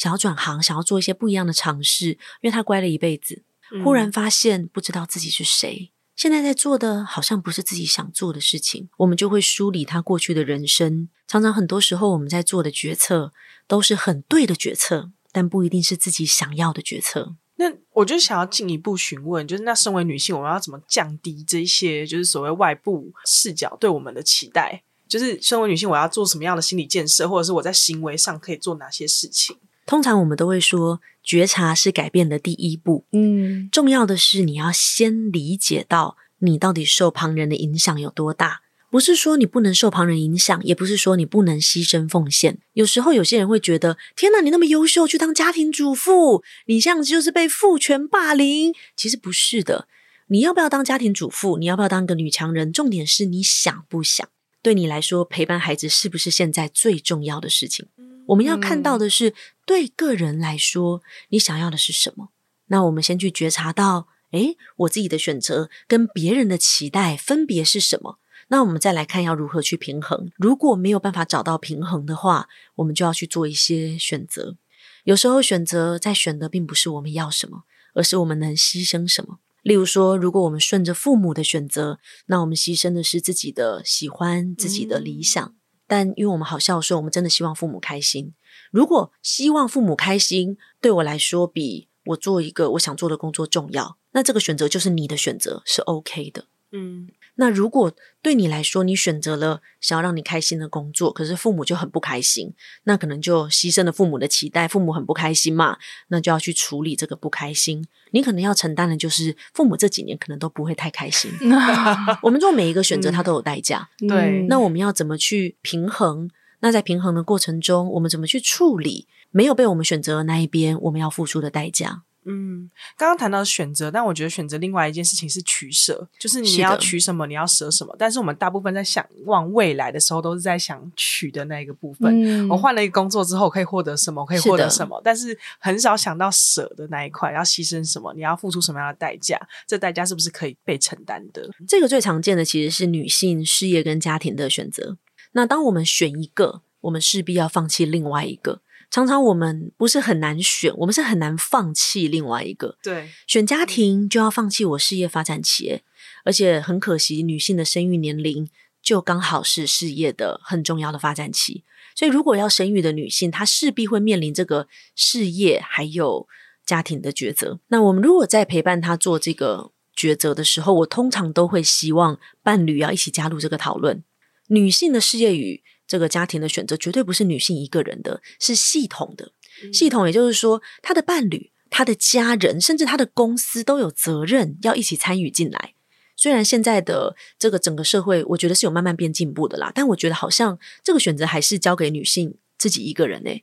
想要轉行，想要做一些不一樣的嘗試，因為他乖了一輩子，忽然發現不知道自己是誰，嗯、現在在做的好像不是自己想做的事情。我們就會梳理他過去的人生。常常很多時候我們在做的決策都是很對的決策，但不一定是自己想要的決策。那我就想要進一步詢問，就是那身為女性，我們要怎麼降低這一些就是所謂外部視角對我們的期待？就是身為女性，我要做什麼樣的心理建設，或者是我在行為上可以做哪些事情？通常我們都會說，覺察是改變的第一步。嗯，重要的是你要先理解到你到底受旁人的影響有多大。不是說你不能受旁人影響，也不是說你不能犧牲奉獻。有時候有些人會覺得，天哪，你那麼優秀，去當家庭主婦，你這樣子就是被父權霸凌。其實不是的，你要不要當家庭主婦，你要不要當個女強人，重點是你想不想？對你來說，陪伴孩子是不是現在最重要的事情？我們要看到的是。對個人來說，你想要的是什麼？那我們先去覺察到，誒，我自己的選擇跟別人的期待分別是什麼？那我們再來看要如何去平衡。如果沒有辦法找到平衡的話，我們就要去做一些選擇。有時候選擇在選的並不是我們要什麼，而是我們能犧牲什麼。例如說，如果我們順着父母的選擇，那我們犧牲的是自己的喜歡、嗯、自己的理想。但因為我們好孝順，我們真的希望父母開心。如果希望父母開心，對我來說比我做一個我想做的工作重要，那這個選擇就是你的選擇，是 OK 的。嗯。那如果對你來說，你選擇了想要讓你開心的工作，可是父母就很不開心，那可能就犧牲了父母的期待，父母很不開心嘛，那就要去處理這個不開心。你可能要承擔的就是父母這幾年可能都不會太開心。 我們做每一個選擇，他都有代價。對，嗯，那我們要怎麼去平衡？那在平衡的過程中，我們怎麼去處理沒有被我們選擇的那一邊，我們要付出的代價？嗯，剛剛談到選擇，但我覺得選擇另外一件事情是取捨，就是你要取什麼，的你要捨什麼。但是我們大部分在想望未來的時候，都是在想取的那一個部分。嗯。我換了一個工作之後，可以獲得什麼？可以獲得什麼？是的但是很少想到捨的那一塊，要犧牲什麼？你要付出什麼樣的代價？這代價是不是可以被承擔的？這個最常見的其實是女性事業跟家庭的選擇。那當我們選一個，我們勢必要放棄另外一個。常常我們不是很難選，我們是很難放棄另外一個。對，選家庭就要放棄我事業發展期，而且很可惜，女性的生育年齡就剛好是事業的很重要的發展期。所以，如果要生育的女性，她勢必會面臨這個事業還有家庭的抉擇。那我們如果在陪伴她做這個抉擇的時候，我通常都會希望伴侶要一起加入這個討論。女性的事業與這個家庭的選擇絕對不是女性一個人的，是系統的。系統，也就是說，她的伴侶、她的家人，甚至她的公司都有責任要一起參與進來。雖然現在的這個整個社會，我覺得是有慢慢變進步的啦，但我覺得好像這個選擇還是交給女性自己一個人呢、欸。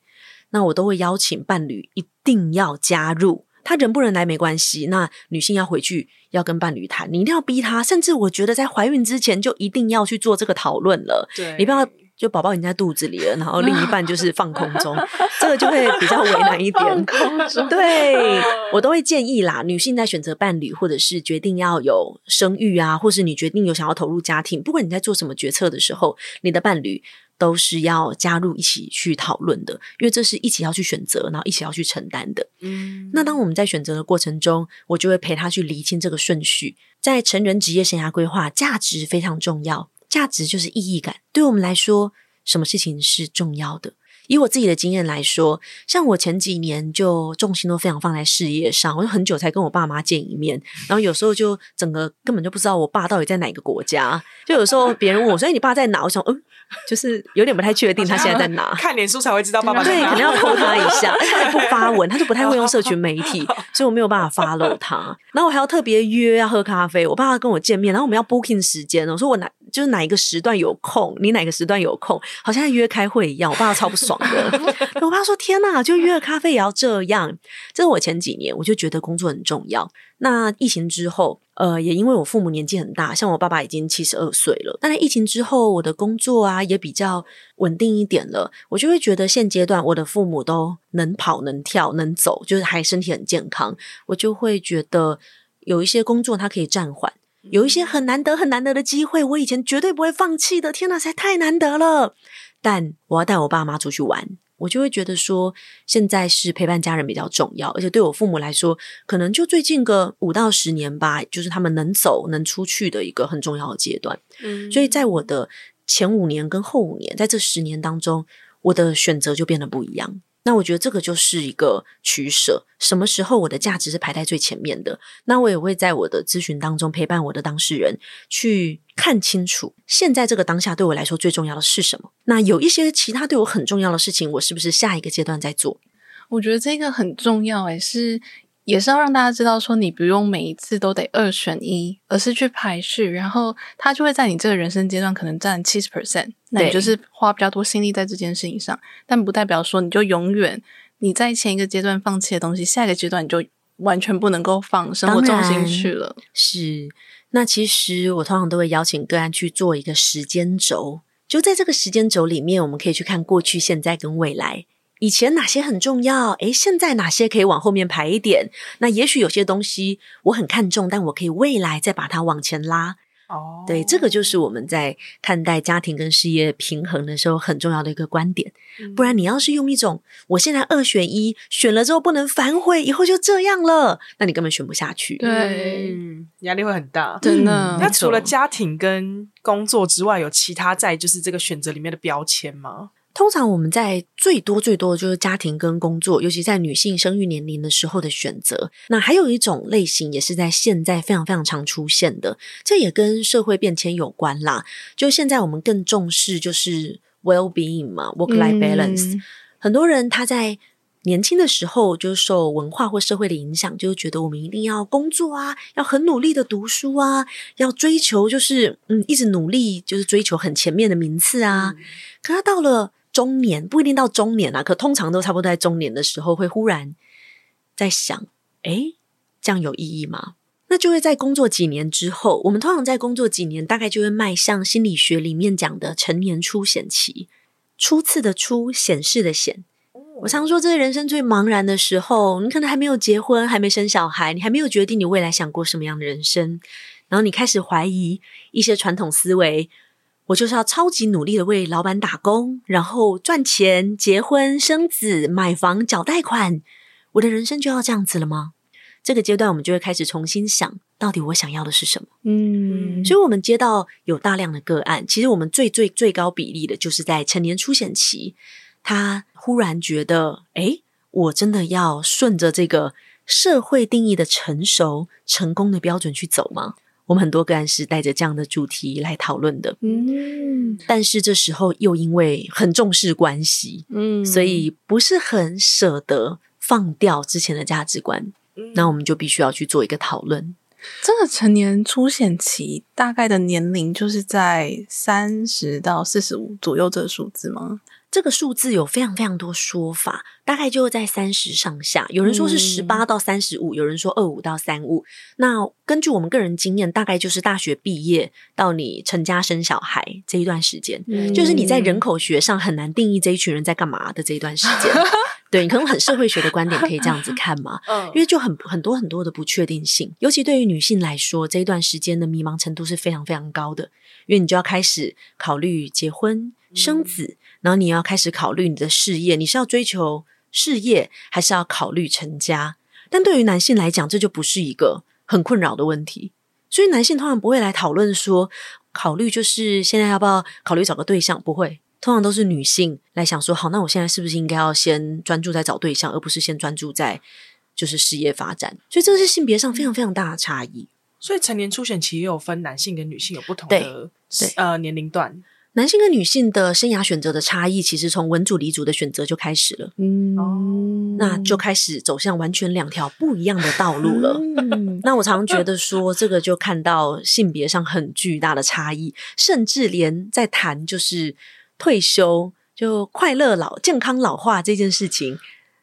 那我都會邀請伴侶一定要加入，他人不人來沒關係。那女性要回去要跟伴侶談，你一定要逼她，甚至我覺得在懷孕之前就一定要去做這個討論了。對，你不要。就寶寶已經在肚子裡了，然後另一半就是放空中， 這個就會比較為難一點。放空中。 對，我都會建議啦，女性在選擇伴侶，或者是決定要有生育啊，或是你決定有想要投入家庭，不管你在做什麼決策的時候，你的伴侶都是要加入一起去討論的，因為這是一起要去選擇，然後一起要去承擔的。嗯。那當我們在選擇的過程中，我就會陪他去釐清這個順序，在成人職業生涯規劃，價值非常重要。價值就是意義感。對我們來說，什麼事情是重要的？以我自己的經驗來說，像我前幾年就重心都非常放在事業上，我就很久才跟我爸媽見一面。然後有時候就整個根本就不知道我爸到底在哪個國家。就有時候別人問我說，所以 你爸在哪？我想，嗯，就是有點不太確定他現在在哪。 看臉書才會知道爸爸在哪。對，可能要 call 他一下， 他也不發文，他就不太會用社群媒體， 所以我沒有辦法 follow 他。然後我還要特別約要喝咖啡，我爸要跟我見面，然後我們要 booking 時間。我說我哪？就是哪一個時段有空，你哪個時段有空，好像約開會一樣。我爸超不爽的， 我爸說：“天哪，就約了咖啡也要這樣。”這是我前幾年我就覺得工作很重要。那疫情之後，呃，也因為我父母年紀很大，像我爸爸已經七十二歲了。但是疫情之後，我的工作啊也比較穩定一點了。我就會覺得現階段我的父母都能跑能跳能走，就是還身體很健康。我就會覺得有一些工作它可以暫緩。有一些很難得、很難得的機會，我以前絕對不會放棄的。天哪，實在太難得了！但我要帶我爸媽出去玩，我就會覺得說，現在是陪伴家人比較重要，而且對我父母來說，可能就最近個五到十年吧，就是他們能走、能出去的一個很重要的階段。嗯，所以在我的前五年跟後五年，在這十年當中，我的選擇就變得不一樣。那我覺得這個就是一個取舍，什麼時候我的價值是排在最前面的，那我也會在我的諮詢當中陪伴我的當事人，去看清楚現在這個當下對我來說最重要的是什麼。那有一些其他對我很重要的事情，我是不是下一個階段再做？我覺得這個很重要，欸，誒。是。也是要讓大家知道，說你不用每一次都得二選一，而是去排序，然後它就會在你這個人生階段可能占七十 percent，對，那你就是花比較多心力在這件事情上，但不代表說你就永遠你在前一個階段放棄的東西，下一個階段你就完全不能夠放生活重心去了。是，那其實我通常都會邀請個案去做一個時間軸，就在這個時間軸裡面，我們可以去看過去、現在跟未來。以前哪些很重要？誒，現在哪些可以往後面排一點？那也許有些東西我很看重，但我可以未來再把它往前拉。哦，對，這個就是我們在看待家庭跟事業平衡的時候很重要的一個觀點。嗯、不然你要是用一種我現在二選一，選了之後不能反悔，以後就這樣了，那你根本選不下去。對，嗯、壓力會很大，真的。嗯、那除了家庭跟工作之外，有其他在就是這個選擇裡面的標籤嗎？通常我們在最多最多的就是家庭跟工作，尤其在女性生育年齡的時候的選擇。那還有一種類型也是在現在非常非常常出現的，這也跟社會變遷有關啦。就現在我們更重視就是 well being 嘛，work life balance。嗯、很多人他在年輕的時候就受文化或社會的影響，就覺得我們一定要工作啊，要很努力的讀書啊，要追求就是嗯一直努力，就是追求很前面的名次啊。嗯、可他到了。中年，不一定到中年啊，可通常都差不多在中年的時候會忽然在想，哎，這樣有意義嗎？那就會在工作幾年之後，我們通常在工作幾年，大概就會邁向心理學裡面講的成年初顯期，初次的初，顯示的顯。我常說，這人生最茫然的時候，你可能還沒有結婚，還沒生小孩，你還沒有決定你未來想過什麼樣的人生，然後你開始懷疑一些傳統思維，我就是要超級努力的為老板打工，然後賺錢、結婚、生子、買房、繳貸款，我的人生就要這樣子了嗎？這個階段我們就會開始重新想到底我想要的是什麼。嗯，所以，我們接到有大量的個案，其實我們最最最高比例的就是在成年初顯期，他忽然覺得，誒，我真的要順着這個社會定義的成熟成功的標準去走嗎？我們很多個案是帶着這樣的主題來討論的，嗯，但是這時候又因為很重視關係，嗯，所以不是很舍得放掉之前的價值觀，嗯、那我們就必須要去做一個討論。這個成年初顯期大概的年齡就是在三十到四十五左右這個數字嗎？這個數字有非常非常多說法，大概就在三十上下。有人說是十八到三十五，有人說二五到三五。那根據我們個人經驗，大概就是大學畢業到你成家生小孩這一段時間，嗯、就是你在人口學上很難定義這一群人在幹嘛的這一段時間。 對，你可能很社會學的觀點可以這樣子看嘛？因為就很很多很多的不確定性，尤其對於女性來說，這一段時間的迷茫程度是非常非常高的，因為你就要開始考慮結婚生子。嗯然後你要開始考慮你的事業，你是要追求事業，還是要考慮成家？但對於男性來講，這就不是一個很困擾的問題，所以男性通常不會來討論說，考慮就是現在要不要考慮找個對象？不會，通常都是女性來想說，好，那我現在是不是應該要先專注在找對象，而不是先專注在就是事業發展？所以這是性別上非常非常大的差異。所以成年初顯期也有分男性跟女性有不同的對對呃年齡段。男性跟女性的生涯選擇的差異，其實從文組理組的選擇就開始了。嗯，那就開始走向完全兩條不一樣的道路了。嗯，那我常常覺得說，這個就看到性別上很巨大的差異，甚至連在談就是退休就快樂老健康老化這件事情，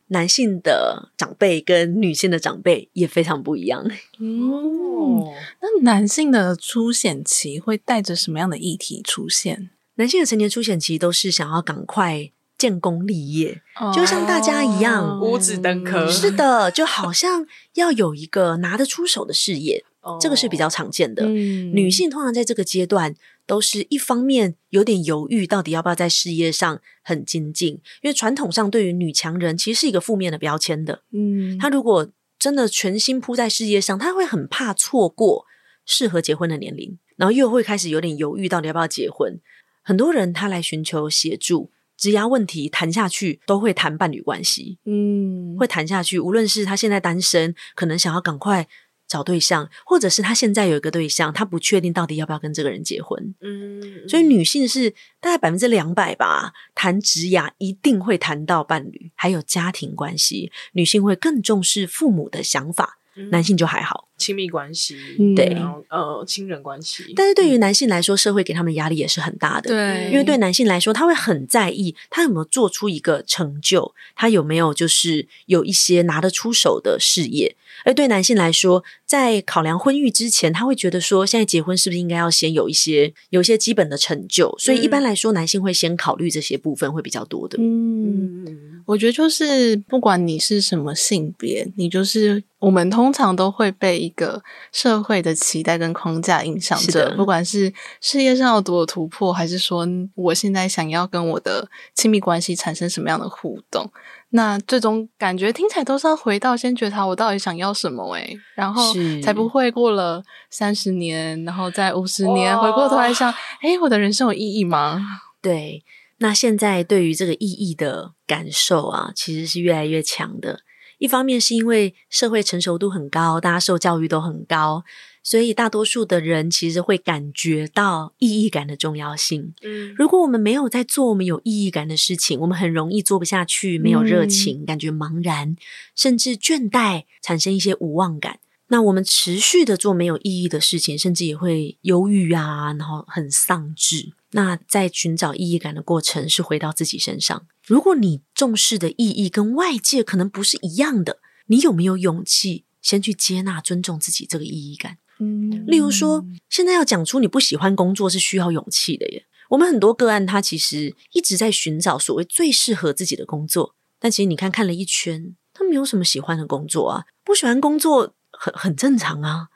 男性的長輩跟女性的長輩也非常不一樣。嗯，那男性的初顯期會帶着什麼樣的議題出現？男性的成年初顯期，其實都是想要趕快建功立業，oh, 就像大家一樣，五子登科。是的，就好像要有一個拿得出手的事業，oh, 這個是比較常見的。Um, 女性通常在這個階段，都是一方面有點猶豫，到底要不要在事業上很精進，因為傳統上對於女強人其實是一個負面的標籤的。嗯，um, 她如果真的全心撲在事業上，她會很怕錯過適合結婚的年齡，然後又會開始有點猶豫，到底要不要結婚。很多人他來尋求協助，職涯問題談下去都會談伴侶關係，嗯，會談下去，無論是他現在單身，可能想要趕快找對象，或者是他現在有一個對象，他不確定到底要不要跟這個人結婚，嗯，所以女性是大概百分之兩百吧，談職涯一定會談到伴侶，還有家庭關係，女性會更重視父母的想法。男性就還好，親密關係，對、嗯，呃，親人關係。但是對於男性來說，嗯、社會給他們壓力也是很大的。對，因為對男性來說，他會很在意他有沒有做出一個成就，他有沒有就是有一些拿得出手的事業。而對男性來說，在考量婚育之前，他會覺得說，現在結婚是不是應該要先有一些、有一些基本的成就？所以一般來說，男性會先考慮這些部分會比較多的。嗯，我覺得就是不管你是什麼性別，你就是我們通常都會被一個社會的期待跟框架影響着，的不管是事業上有多有突破，還是說我現在想要跟我的親密關係產生什麼樣的互動。那這種感覺聽起來都是要回到先覺察我到底想要什麼誒、欸、然後才不會過了三十年，是然後再五十年、哦、回過頭來想，哎，我的人生有意義嗎？對，那現在對於這個意義的感受啊，其實是越來越強的。一方面是因為社會成熟度很高，大家受教育都很高。所以，大多數的人其實會感覺到意義感的重要性。嗯，如果我們沒有在做我們有意義感的事情，我們很容易做不下去，沒有熱情，嗯、感覺茫然，甚至倦怠，產生一些無望感。那我們持續的做沒有意義的事情，甚至也會憂鬱啊，然後很喪志。那在尋找意義感的過程是回到自己身上。如果你重視的意義跟外界可能不是一樣的，你有沒有勇氣先去接納、尊重自己這個意義感？嗯，例如說，現在要講出你不喜歡工作是需要勇氣的耶。我們很多個案，他其實一直在尋找所謂最適合自己的工作，但其實你看看了一圈，他沒有什麼喜歡的工作啊。不喜歡工作很很正常啊。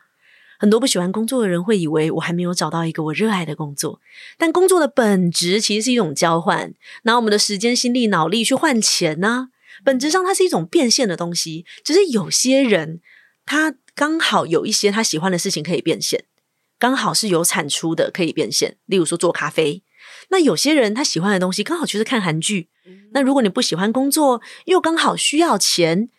很多不喜歡工作的人會以為我還沒有找到一個我熱愛的工作，但工作的本質其實是一種交換，拿我們的時間、心力、腦力去換錢吶啊。本質上它是一種變現的東西，只是有些人。他剛好有一些他喜歡的事情可以變現，剛好是有產出的可以變現。例如說做咖啡，那有些人他喜歡的東西剛好就是看韓劇。那如果你不喜歡工作，又剛好需要錢，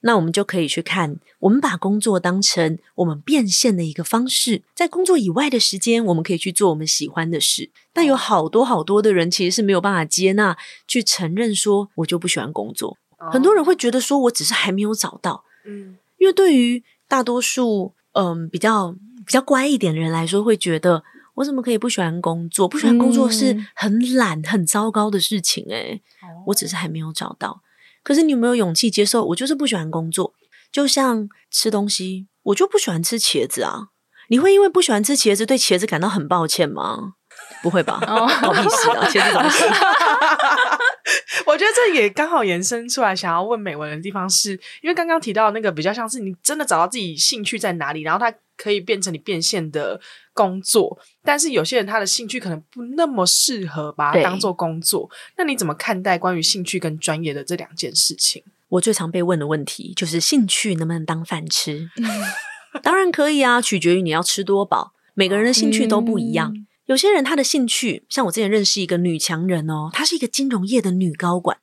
那我們就可以去看。我們把工作當成我們變現的一個方式，在工作以外的時間，我們可以去做我們喜歡的事。但有好多好多的人其實是沒有辦法接納、去承認，說我就不喜歡工作。Oh. 很多人會覺得說我只是還沒有找到，嗯。因為對於大多數嗯比較比較乖一點的人來說，會覺得我怎麼可以不喜歡工作？不喜歡工作是很懶很糟糕的事情誒。我只是還沒有找到。可是你有沒有勇氣接受？我就是不喜歡工作，就像吃東西，我就不喜歡吃茄子啊。你會因為不喜歡吃茄子，對茄子感到很抱歉嗎？不會吧？Oh. 哦，好意思啊，謝謝老師。 我覺得這也剛好延伸出來，想要問美妏的地方是，是因為剛剛提到的那個比較像是你真的找到自己興趣在哪裡，然後它可以變成你變現的工作。但是有些人他的興趣可能不那麼適合把它當做工作。對那你怎麼看待關於興趣跟專業的這兩件事情？我最常被問的問題就是興趣能不能當飯吃？ 當然可以啊，取決於你要吃多飽。每個人的興趣都不一樣。Oh, 嗯有些人他的興趣，像我之前認識一個女強人哦，她是一個金融業的女高管，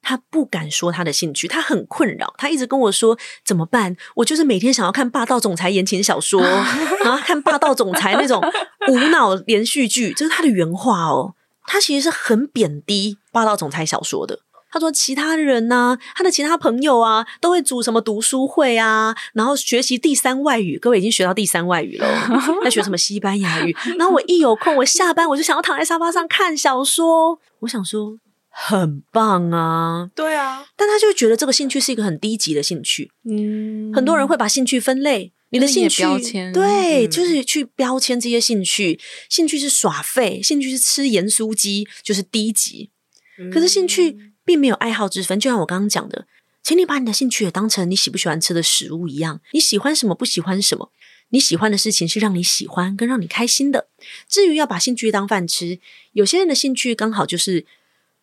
她不敢說她的興趣，她很困擾，她一直跟我說怎麼辦？我就是每天想要看霸道總裁言情小說， 然後看霸道總裁那種無腦連續劇，這是她的原話哦。她其實是很貶低霸道總裁小說的。他說：“其他人呢、啊，他的其他朋友啊，都會組什麼讀書會啊，然後學習第三外語。各位已經學到第三外語了，在 學什麼西班牙語。然後我一有空，我下班我就想要躺在沙發上看小說。我想說，很棒啊！對啊，但他就覺得這個興趣是一個很低級的興趣。嗯，很多人會把興趣分類，嗯、你的興趣標籤，對，嗯、就是去標籤這些興趣。興趣是耍廢，興趣是吃鹽酥雞，就是低級。嗯、可是興趣。”並沒有愛好之分，就像我剛剛講的，請你把你的興趣也當成你喜不喜歡吃的食物一樣。你喜歡什麼，不喜歡什麼？你喜歡的事情是讓你喜歡跟讓你開心的。至於要把興趣當飯吃，有些人的興趣剛好就是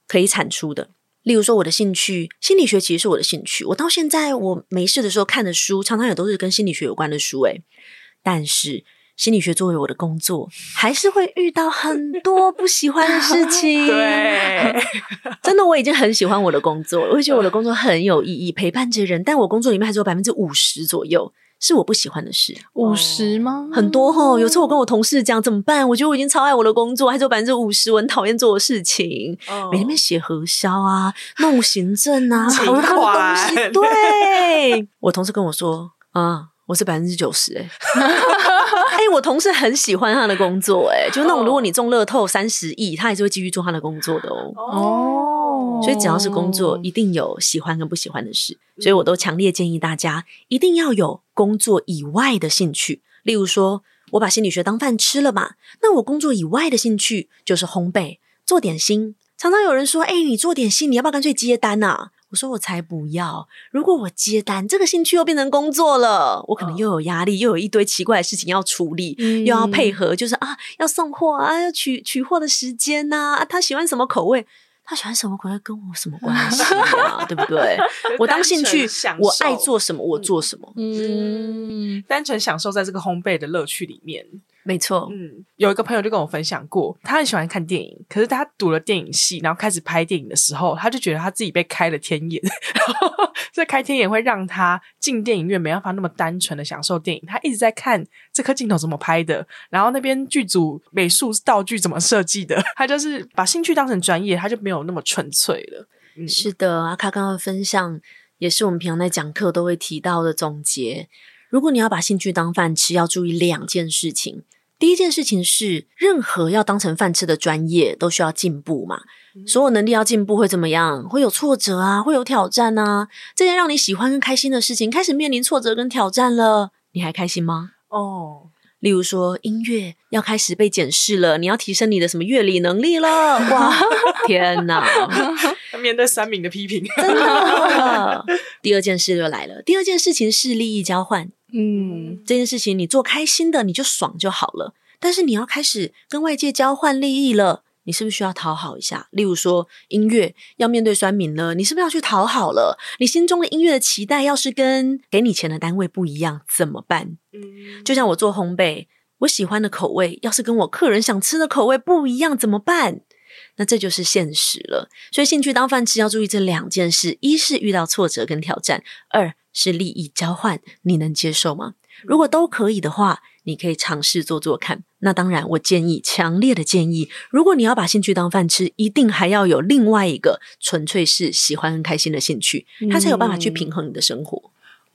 可以產出的。例如說，我的興趣，心理學其實是我的興趣。我到現在我沒事的時候看的書，常常也都是跟心理學有關的書、欸。哎，但是。心理學作為我的工作，還是會遇到很多不喜歡的事情。 對， 真的我已經很喜歡我的工作，我會覺得我的工作很有意義，對陪伴着人。但我工作裡面還是有百分之五十左右是我不喜歡的事。五十嗎？很多哦。有時候我跟我同事講，怎麼辦？我覺得我已經超愛我的工作，還是有百分之五十我很討厭做的事情。哦，每天寫核銷啊，弄行政啊，什麼 情緣東西？對，我同事跟我說啊、嗯，我是百分之九十哎。欸 哎、欸，我同事很喜歡他的工作、欸，哎，就那種如果你中樂透三十億，oh. 他還是會繼續做他的工作的哦。哦，oh. 所以只要是工作，一定有喜歡跟不喜歡的事，所以我都強烈建議大家一定要有工作以外的興趣。例如說我把心理學當飯吃了嘛，那我工作以外的興趣就是烘焙做點心。常常有人說，哎、欸，你做點心，你要不要乾脆接單啊？我說我才不要！如果我接單，這個興趣又變成工作了，我可能又有壓力，哦、又有一堆奇怪的事情要處理，嗯、又要配合，就是啊，要送貨啊，要取取貨的時間吶、啊啊，他喜歡什麼口味，他喜歡什麼口味跟我什麼關係啊？嗯、對不對？我當興趣，我愛做什麼我做什麼，嗯，嗯單純享受在這個烘焙的樂趣裡面。沒錯，嗯，有一個朋友就跟我分享過，他很喜歡看電影，可是他讀了電影系，然後開始拍電影的時候，他就覺得他自己被開了天眼， 所以開天眼會讓他進電影院沒辦法那麼單純的享受電影。他一直在看這顆鏡頭怎麼拍的，然後那邊劇組美術道具怎麼設計的，他就是把興趣當成專業，他就沒有那麼純粹了。嗯、是的，阿卡剛剛的分享也是我們平常在講課都會提到的總結。如果你要把興趣當飯吃，要注意兩件事情。第一件事情是，任何要當成飯吃的專業都需要進步嘛。所有能力要進步會怎麼樣？會有挫折啊，會有挑戰啊。這件讓你喜歡跟開心的事情開始面臨挫折跟挑戰了，你還開心嗎？哦，例如說音樂要開始被檢視了，你要提升你的什麼樂理能力了。 哇，天吶！他面對三名的批評。 真的。第二件事又來了。第二件事情是利益交換。嗯，這件事情你做開心的，你就爽就好了。但是你要開始跟外界交換利益了，你是不是需要討好一下？例如說音樂要面對酸民了，你是不是要去討好了？你心中的音樂的期待要是跟給你錢的單位不一樣，怎麼辦？嗯，就像我做烘焙，我喜歡的口味要是跟我客人想吃的口味不一樣，怎麼辦？那這就是現實了。所以興趣當飯吃要注意這兩件事：一是遇到挫折跟挑戰，二是利益交換，你能接受嗎？如果都可以的話，你可以嘗試做做看。那當然，我建議強烈的建議，如果你要把興趣當飯吃，一定還要有另外一個純粹是喜歡和開心的興趣，它才有辦法去平衡你的生活。嗯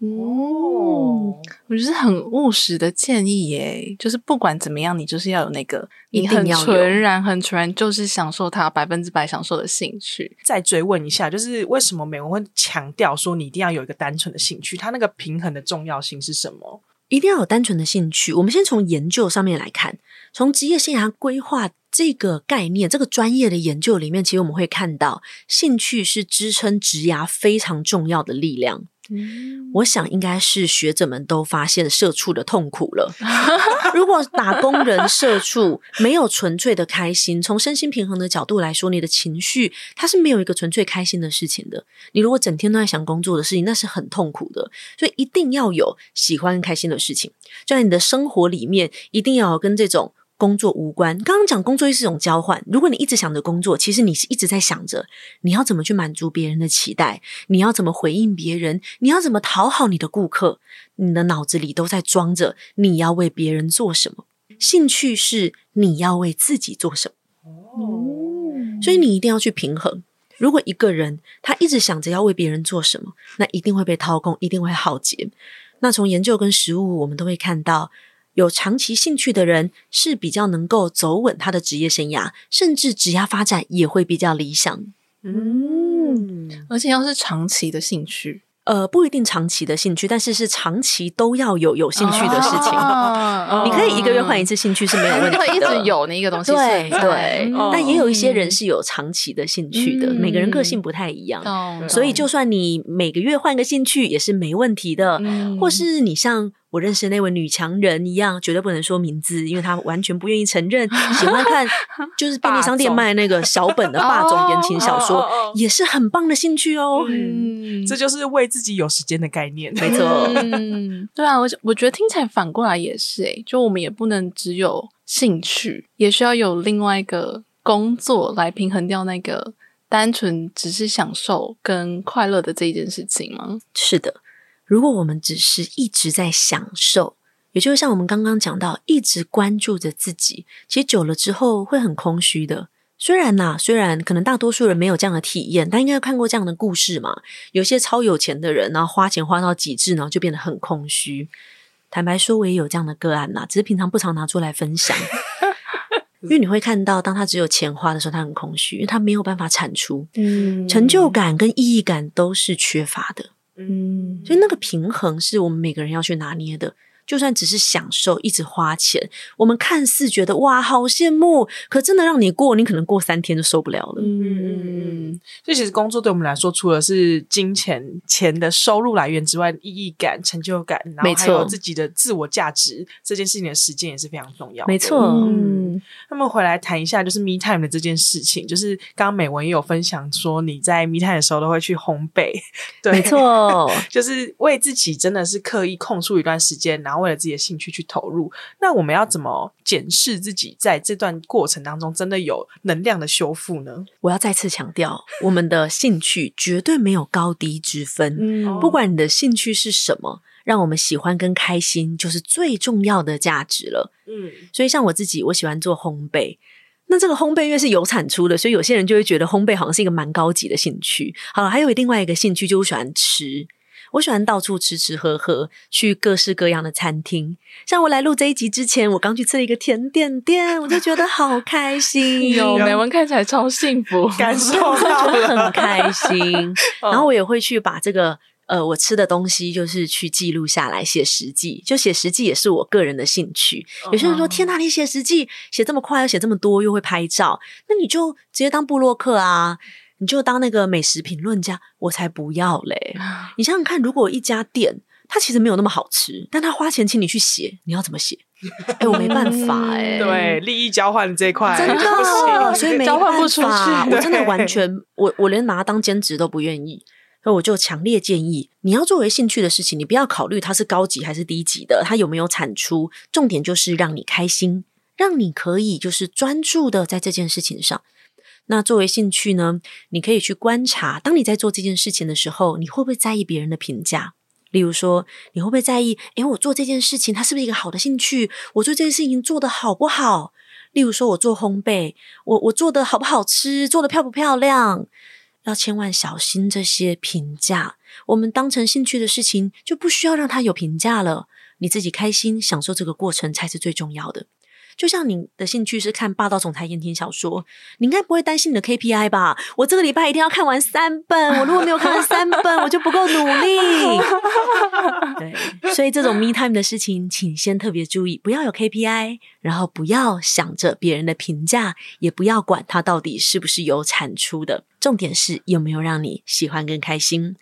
哦，我覺得很務實的建議耶，就是不管怎麼樣，你就是要有那個，很一定要純然、很純然，就是享受它百分之百享受的興趣。再追問一下，就是為什麼美妏會強調說你一定要有一個單純的興趣？它那個平衡的重要性是什麼？一定要有單純的興趣。我們先從研究上面來看，從職業生涯規劃這個概念、這個專業的研究裡面，其實我們會看到，興趣是支撐職涯非常重要的力量。嗯，我想應該是學者們都發現社畜的痛苦了。 如果打工人社畜沒有純粹的開心，從身心平衡的角度來說，你的情緒它是沒有一個純粹開心的事情的。你如果整天都在想工作的事情，那是很痛苦的。所以一定要有喜歡開心的事情，就在你的生活裡面，一定要跟這種。工作無關。剛剛講工作是一種交換。如果你一直想着工作，其實你是一直在想着你要怎麼去滿足別人的期待，你要怎麼回應別人，你要怎麼討好你的顧客，你的腦子裡都在裝着你要為別人做什麼。興趣是你要為自己做什麼。所以你一定要去平衡。如果一個人他一直想着要為別人做什麼，那一定會被掏空，一定會耗竭。那從研究跟實務我們都會看到。有長期興趣的人是比較能夠走穩他的職業生涯，甚至職業發展也會比較理想。嗯，而且要是長期的興趣，呃，不一定長期的興趣，但是是長期都要有有興趣的事情。哦哦、你可以一個月換一次興趣是沒有問題的，你可以一直有那一個東西。對對，對嗯、但也有一些人是有長期的興趣的，嗯、每個人個性不太一樣，嗯、所以就算你每個月換個興趣也是沒問題的，嗯、或是你像。我認識的那位女強人一樣，絕對不能說名字，因為她完全不願意承認。 喜歡看就是便利商店賣的那個小本的霸總言情小說， oh, oh, oh, oh. 也是很棒的興趣哦。嗯，嗯，這就是為自己有時間的概念，沒錯，嗯。對啊，我我覺得聽起來反過來也是哎，欸，就我們也不能只有興趣，也需要有另外一個工作來平衡掉那個單純只是享受跟快樂的這一件事情嗎？是的。如果我們只是一直在享受，也就是像我們剛剛講到，一直關注着自己，其實久了之後會很空虛的。雖然吶、啊，雖然可能大多數人沒有這樣的體驗，但應該看過這樣的故事嘛？有些超有錢的人呢，然後花錢花到極致，然後就變得很空虛。坦白說，我也有這樣的個案吶、啊，只是平常不常拿出來分享。 因為你會看到，當他只有錢花的時候，他很空虛，因為他沒有辦法產出，嗯，成就感跟意義感都是缺乏的。嗯，所以那個平衡是我們每個人要去拿捏的。就算只是享受，一直花錢，我們看似覺得哇好羨慕，可真的讓你過，你可能過三天就受不了了。嗯嗯嗯。就其實工作對我們來說，除了是金錢錢的收入來源之外，意義感、成就感，然後還有自己的自我價值錯這件事情的時間也是非常重要。沒錯錯。嗯。那麼回來談一下就是 Me Time 的這件事情，就是剛剛美妏也有分享說，你在 Me Time 的時候都會去烘焙。對，沒錯錯。 就是為自己真的是刻意空出一段時間然後為了自己的興趣去投入，那我們要怎麼檢視自己在這段過程當中真的有能量的修復呢？我要再次強調， 我們的興趣絕對沒有高低之分。嗯，不管你的興趣是什麼，讓我們喜歡跟開心就是最重要的價值了。嗯，所以像我自己，我喜歡做烘焙。那這個烘焙因為是有產出的，所以有些人就會覺得烘焙好像是一個蠻高級的興趣。好了，還有另外一個興趣就是喜歡吃。我喜歡到處吃吃喝喝，去各式各樣的餐廳。像我來錄這一集之前，我剛去吃了一個甜點店，我就覺得好開心喲！ 有 美妏看起來超幸福，感受到覺很開心。 然後我也會去把這個呃我吃的東西，就是去記錄下來，寫食記就寫食記也是我個人的興趣。Uh huh. 有些人說：“天哪，你寫食記寫這麼快，又寫這麼多，又會拍照，那你就直接當部落客啊。”你就當那個美食評論家，我才不要嘞！你想想看，如果一家店它其實沒有那麼好吃，但他花錢請你去寫，你要怎麼寫？哎，我沒辦法哎、欸。 對，利益交換這塊真的，啊、所以沒辦法交換不出去。對我真的完全，我我連拿它當兼職都不願意。所以我就強烈建議，你要作為興趣的事情，你不要考慮它是高級還是低級的，它有沒有產出，重點就是讓你開心，讓你可以就是專注的在這件事情上。那作為興趣呢？你可以去觀察，當你在做這件事情的時候，你會不會在意別人的評價？例如說，你會不會在意？哎，我做這件事情，它是不是一個好的興趣？我做這件事情做得好不好？例如說，我做烘焙，我我做的好不好吃？做的漂不漂亮？要千萬小心這些評價。我們當成興趣的事情，就不需要讓他有評價了。你自己開心，享受這個過程才是最重要的。就像你的興趣是看霸道總裁言情小說，你應該不會擔心你的 KPI 吧？我這個禮拜一定要看完三本，我如果沒有看完三本，我就不夠努力。 對，所以這種 me time 的事情，請先特別注意，不要有 KPI，然後不要想着別人的評價，也不要管它到底是不是有產出的。重點是有沒有讓你喜歡跟開心。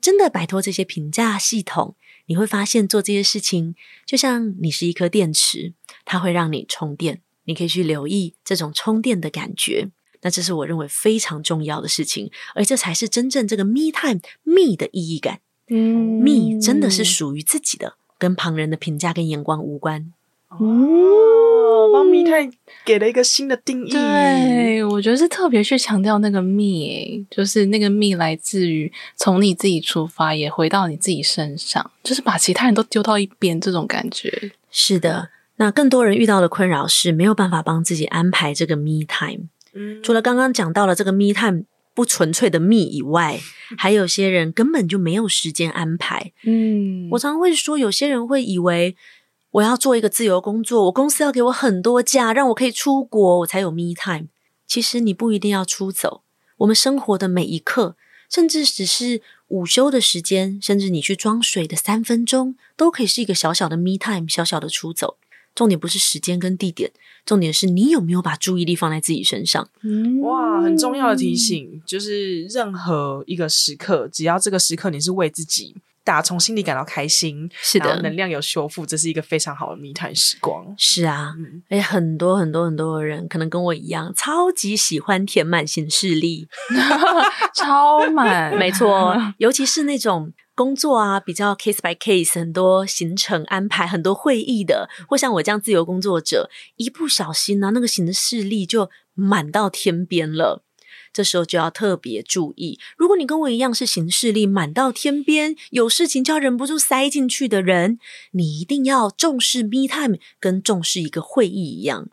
真的擺脫這些評價系統，你會發現做這些事情，就像你是一顆電池。它會讓你充電，你可以去留意這種充電的感覺。那這是我認為非常重要的事情，而這才是真正這個 me time me 的意義感。嗯，me 真的是屬於自己的，跟旁人的評價跟眼光無關。哦，幫 me time 給了一個新的定義。對，我覺得是特別去強調那個 me，欸、就是那個 me 來自於從你自己出發，也回到你自己身上，就是把其他人都丟到一邊這種感覺。是的。那更多人遇到的困擾是沒有辦法幫自己安排這個 me time。嗯，除了剛剛講到了這個 me time 不純粹的 me 以外，還有些人根本就沒有時間安排。嗯，我常常會說，有些人會以為我要做一個自由工作，我公司要給我很多假，讓我可以出國，我才有 me time。其實你不一定要出走，我們生活的每一刻，甚至只是午休的時間，甚至你去裝水的三分鐘，都可以是一個小小的 me time，小小的出走。重點不是時間跟地點，重點是你有沒有把注意力放在自己身上。嗯，哇，很重要的提醒，嗯、就是任何一個時刻，只要這個時刻你是為自己打從心裡感到開心，是的，能量有修復，這是一個非常好的 ME TIME 時光。是啊，哎、嗯欸，很多很多很多的人可能跟我一樣，超級喜歡填滿行事曆， 超滿滿， 沒錯，尤其是那種。工作啊，比較 case by case，很多行程安排，很多會議的，或像我這樣自由工作者，一不小心呢、啊，那個行事曆就滿到天邊了。這時候就要特別注意，如果你跟我一樣是行事曆滿到天邊，有事情就要忍不住塞進去的人，你一定要重視 ME TIME，跟重視一個會議一樣。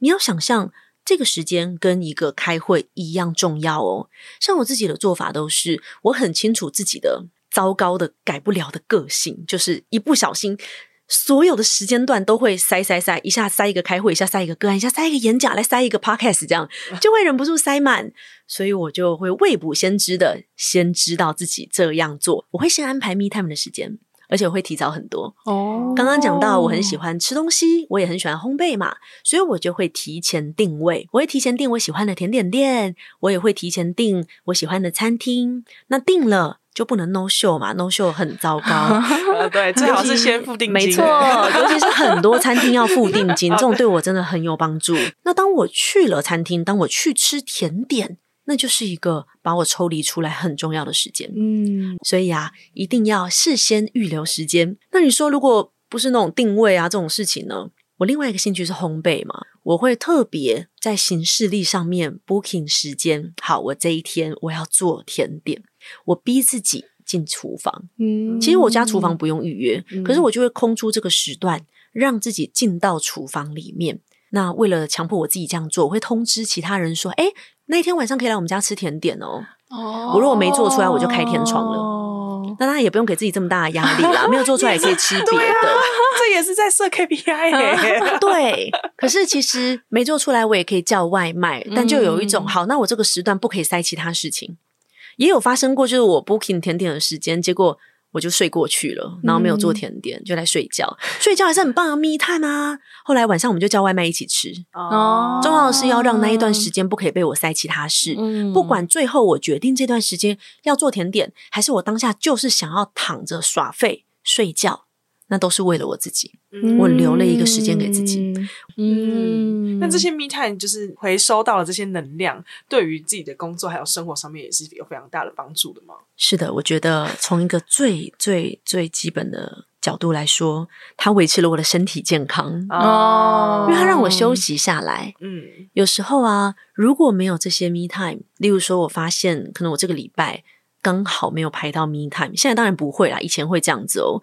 你要想象這個時間跟一個開會一樣重要哦。像我自己的做法都是，我很清楚自己的。糟糕的改不了的個性，就是一不小心，所有的時間段都會塞塞塞，一下塞一個開會，一下塞一個個案，一下塞一個演講，來塞一個 podcast，這樣就會忍不住塞滿。所以我就會未卜先知的先知道自己這樣做，我會先安排 ME TIME 的時間，而且我會提早很多。哦、oh，剛剛講到我很喜歡吃東西，我也很喜歡烘焙嘛，所以我就會提前定位，我會提前訂我喜歡的甜點店，我也會提前訂我喜歡的餐廳。那訂了。就不能 no show 嘛，no show 很糟糕、 嗯。對，最好是先付定金。 沒錯，尤其是很多餐廳要付定金， 這種對我真的很有幫助。 那當我去了餐廳，當我去吃甜點，那就是一個把我抽離出來很重要的時間。嗯，所以啊，一定要事先預留時間。那你說，如果不是那種定位啊這種事情呢？我另外一個興趣是烘焙嘛，我會特別在行事曆上面 booking 時間。好，我這一天我要做甜點。我逼自己進廚房，嗯，其實我家廚房不用預約，嗯、可是我就會空出這個時段，讓自己進到廚房裡面。嗯、那為了強迫我自己這樣做，我會通知其他人說：“哎，那天晚上可以來我們家吃甜點哦。”哦，我如果沒做出來，我就開天窗了。哦、那當然也不用給自己這麼大的壓力啦， 沒有做出來也可以吃別的。這也是在設 KPI，對。可是其實沒做出來，我也可以叫外賣。嗯、但就有一種好，那我這個時段不可以塞其他事情。也有發生過，就是我 booking 甜點的時間，結果我就睡過去了，然後沒有做甜點，嗯、就在睡覺，睡覺還是很棒啊，ME TIME 啊！後來晚上我們就叫外賣一起吃。哦，重要的是要讓那一段時間不可以被我塞其他事，嗯、不管最後我決定這段時間要做甜點，還是我當下就是想要躺着耍廢睡覺。那都是為了我自己，嗯、我留了一個時間給自己。嗯，嗯，那這些 me time 就是回收到了這些能量，對於自己的工作還有生活上面也是有非常大的幫助的嗎？是的，我覺得從一個最最最基本的角度來說，它維持了我的身體健康哦，因為它讓我休息下來。嗯，有時候啊，如果沒有這些 me time，例如說我發現可能我這個禮拜剛好沒有排到 me time，現在當然不會啦，以前會這樣子哦、喔。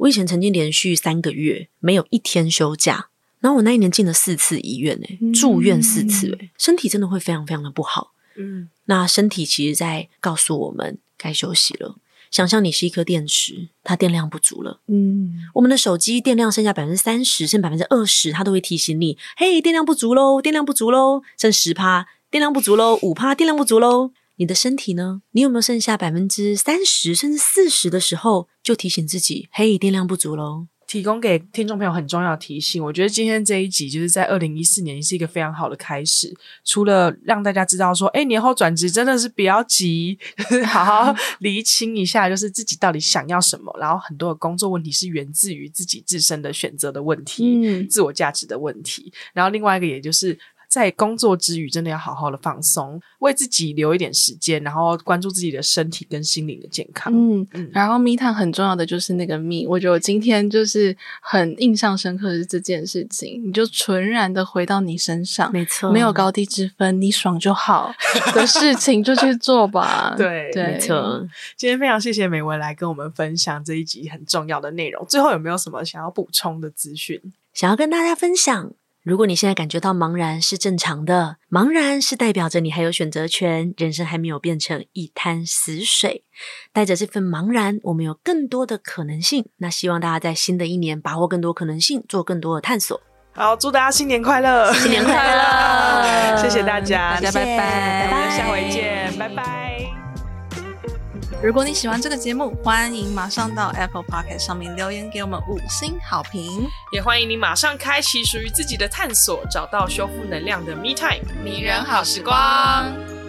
我以前曾經連續三個月沒有一天休假，然後我那一年進了四次醫院，欸，嗯、住院四次，欸，嗯、身體真的會非常非常的不好。嗯，那身體其實在告訴我們該休息了。想象你是一顆電池，它電量不足了。嗯，我們的手機電量剩下百分之三十，剩百分之二十，它都會提醒你：嘿、Hey，電量不足嘍，電量不足嘍，剩十趴，電量不足嘍，五趴，電量不足嘍。你的身體呢？你有沒有剩下百分之三十甚至四十的時候，就提醒自己，嘿，電量不足嘍？提供給聽眾朋友很重要的提醒。我覺得今天這一集就是在二零二四年是一個非常好的開始，除了讓大家知道說，哎，年後轉職真的是不要急，呵呵好好釐清一下，就是自己到底想要什麼。然後很多的工作問題是源自於自己自身的選擇的問題，嗯、自我價值的問題。然後另外一個，也就是。在工作之餘，真的要好好的放鬆，為自己留一點時間，然後關注自己的身體跟心靈的健康。嗯嗯，嗯然後 ME TIME 很重要的就是那個 ME，我覺得我今天就是很印象深刻的是這件事情，你就純然的回到你身上，沒錯，沒有高低之分，你爽就好的事情就去做吧。 對，對沒錯。今天非常謝謝美妏來跟我們分享這一集很重要的內容，最後有沒有什麼想要補充的資訊？想要跟大家分享。如果你現在感覺到茫然，是正常的。茫然是代表着你還有選擇權，人生還沒有變成一灘死水。帶着這份茫然，我們有更多的可能性。那希望大家在新的一年把握更多可能性，做更多的探索。好，祝大家新年快樂！新年快樂！ 謝謝大家，謝謝，大家拜拜，我們下回見，拜拜。拜拜拜拜。如果你喜歡這個節目，歡迎馬上到 Apple Podcast 上面留言給我們五星好評，也歡迎你馬上開啟屬於自己的探索，找到修復能量的 Me Time 迷人好時光。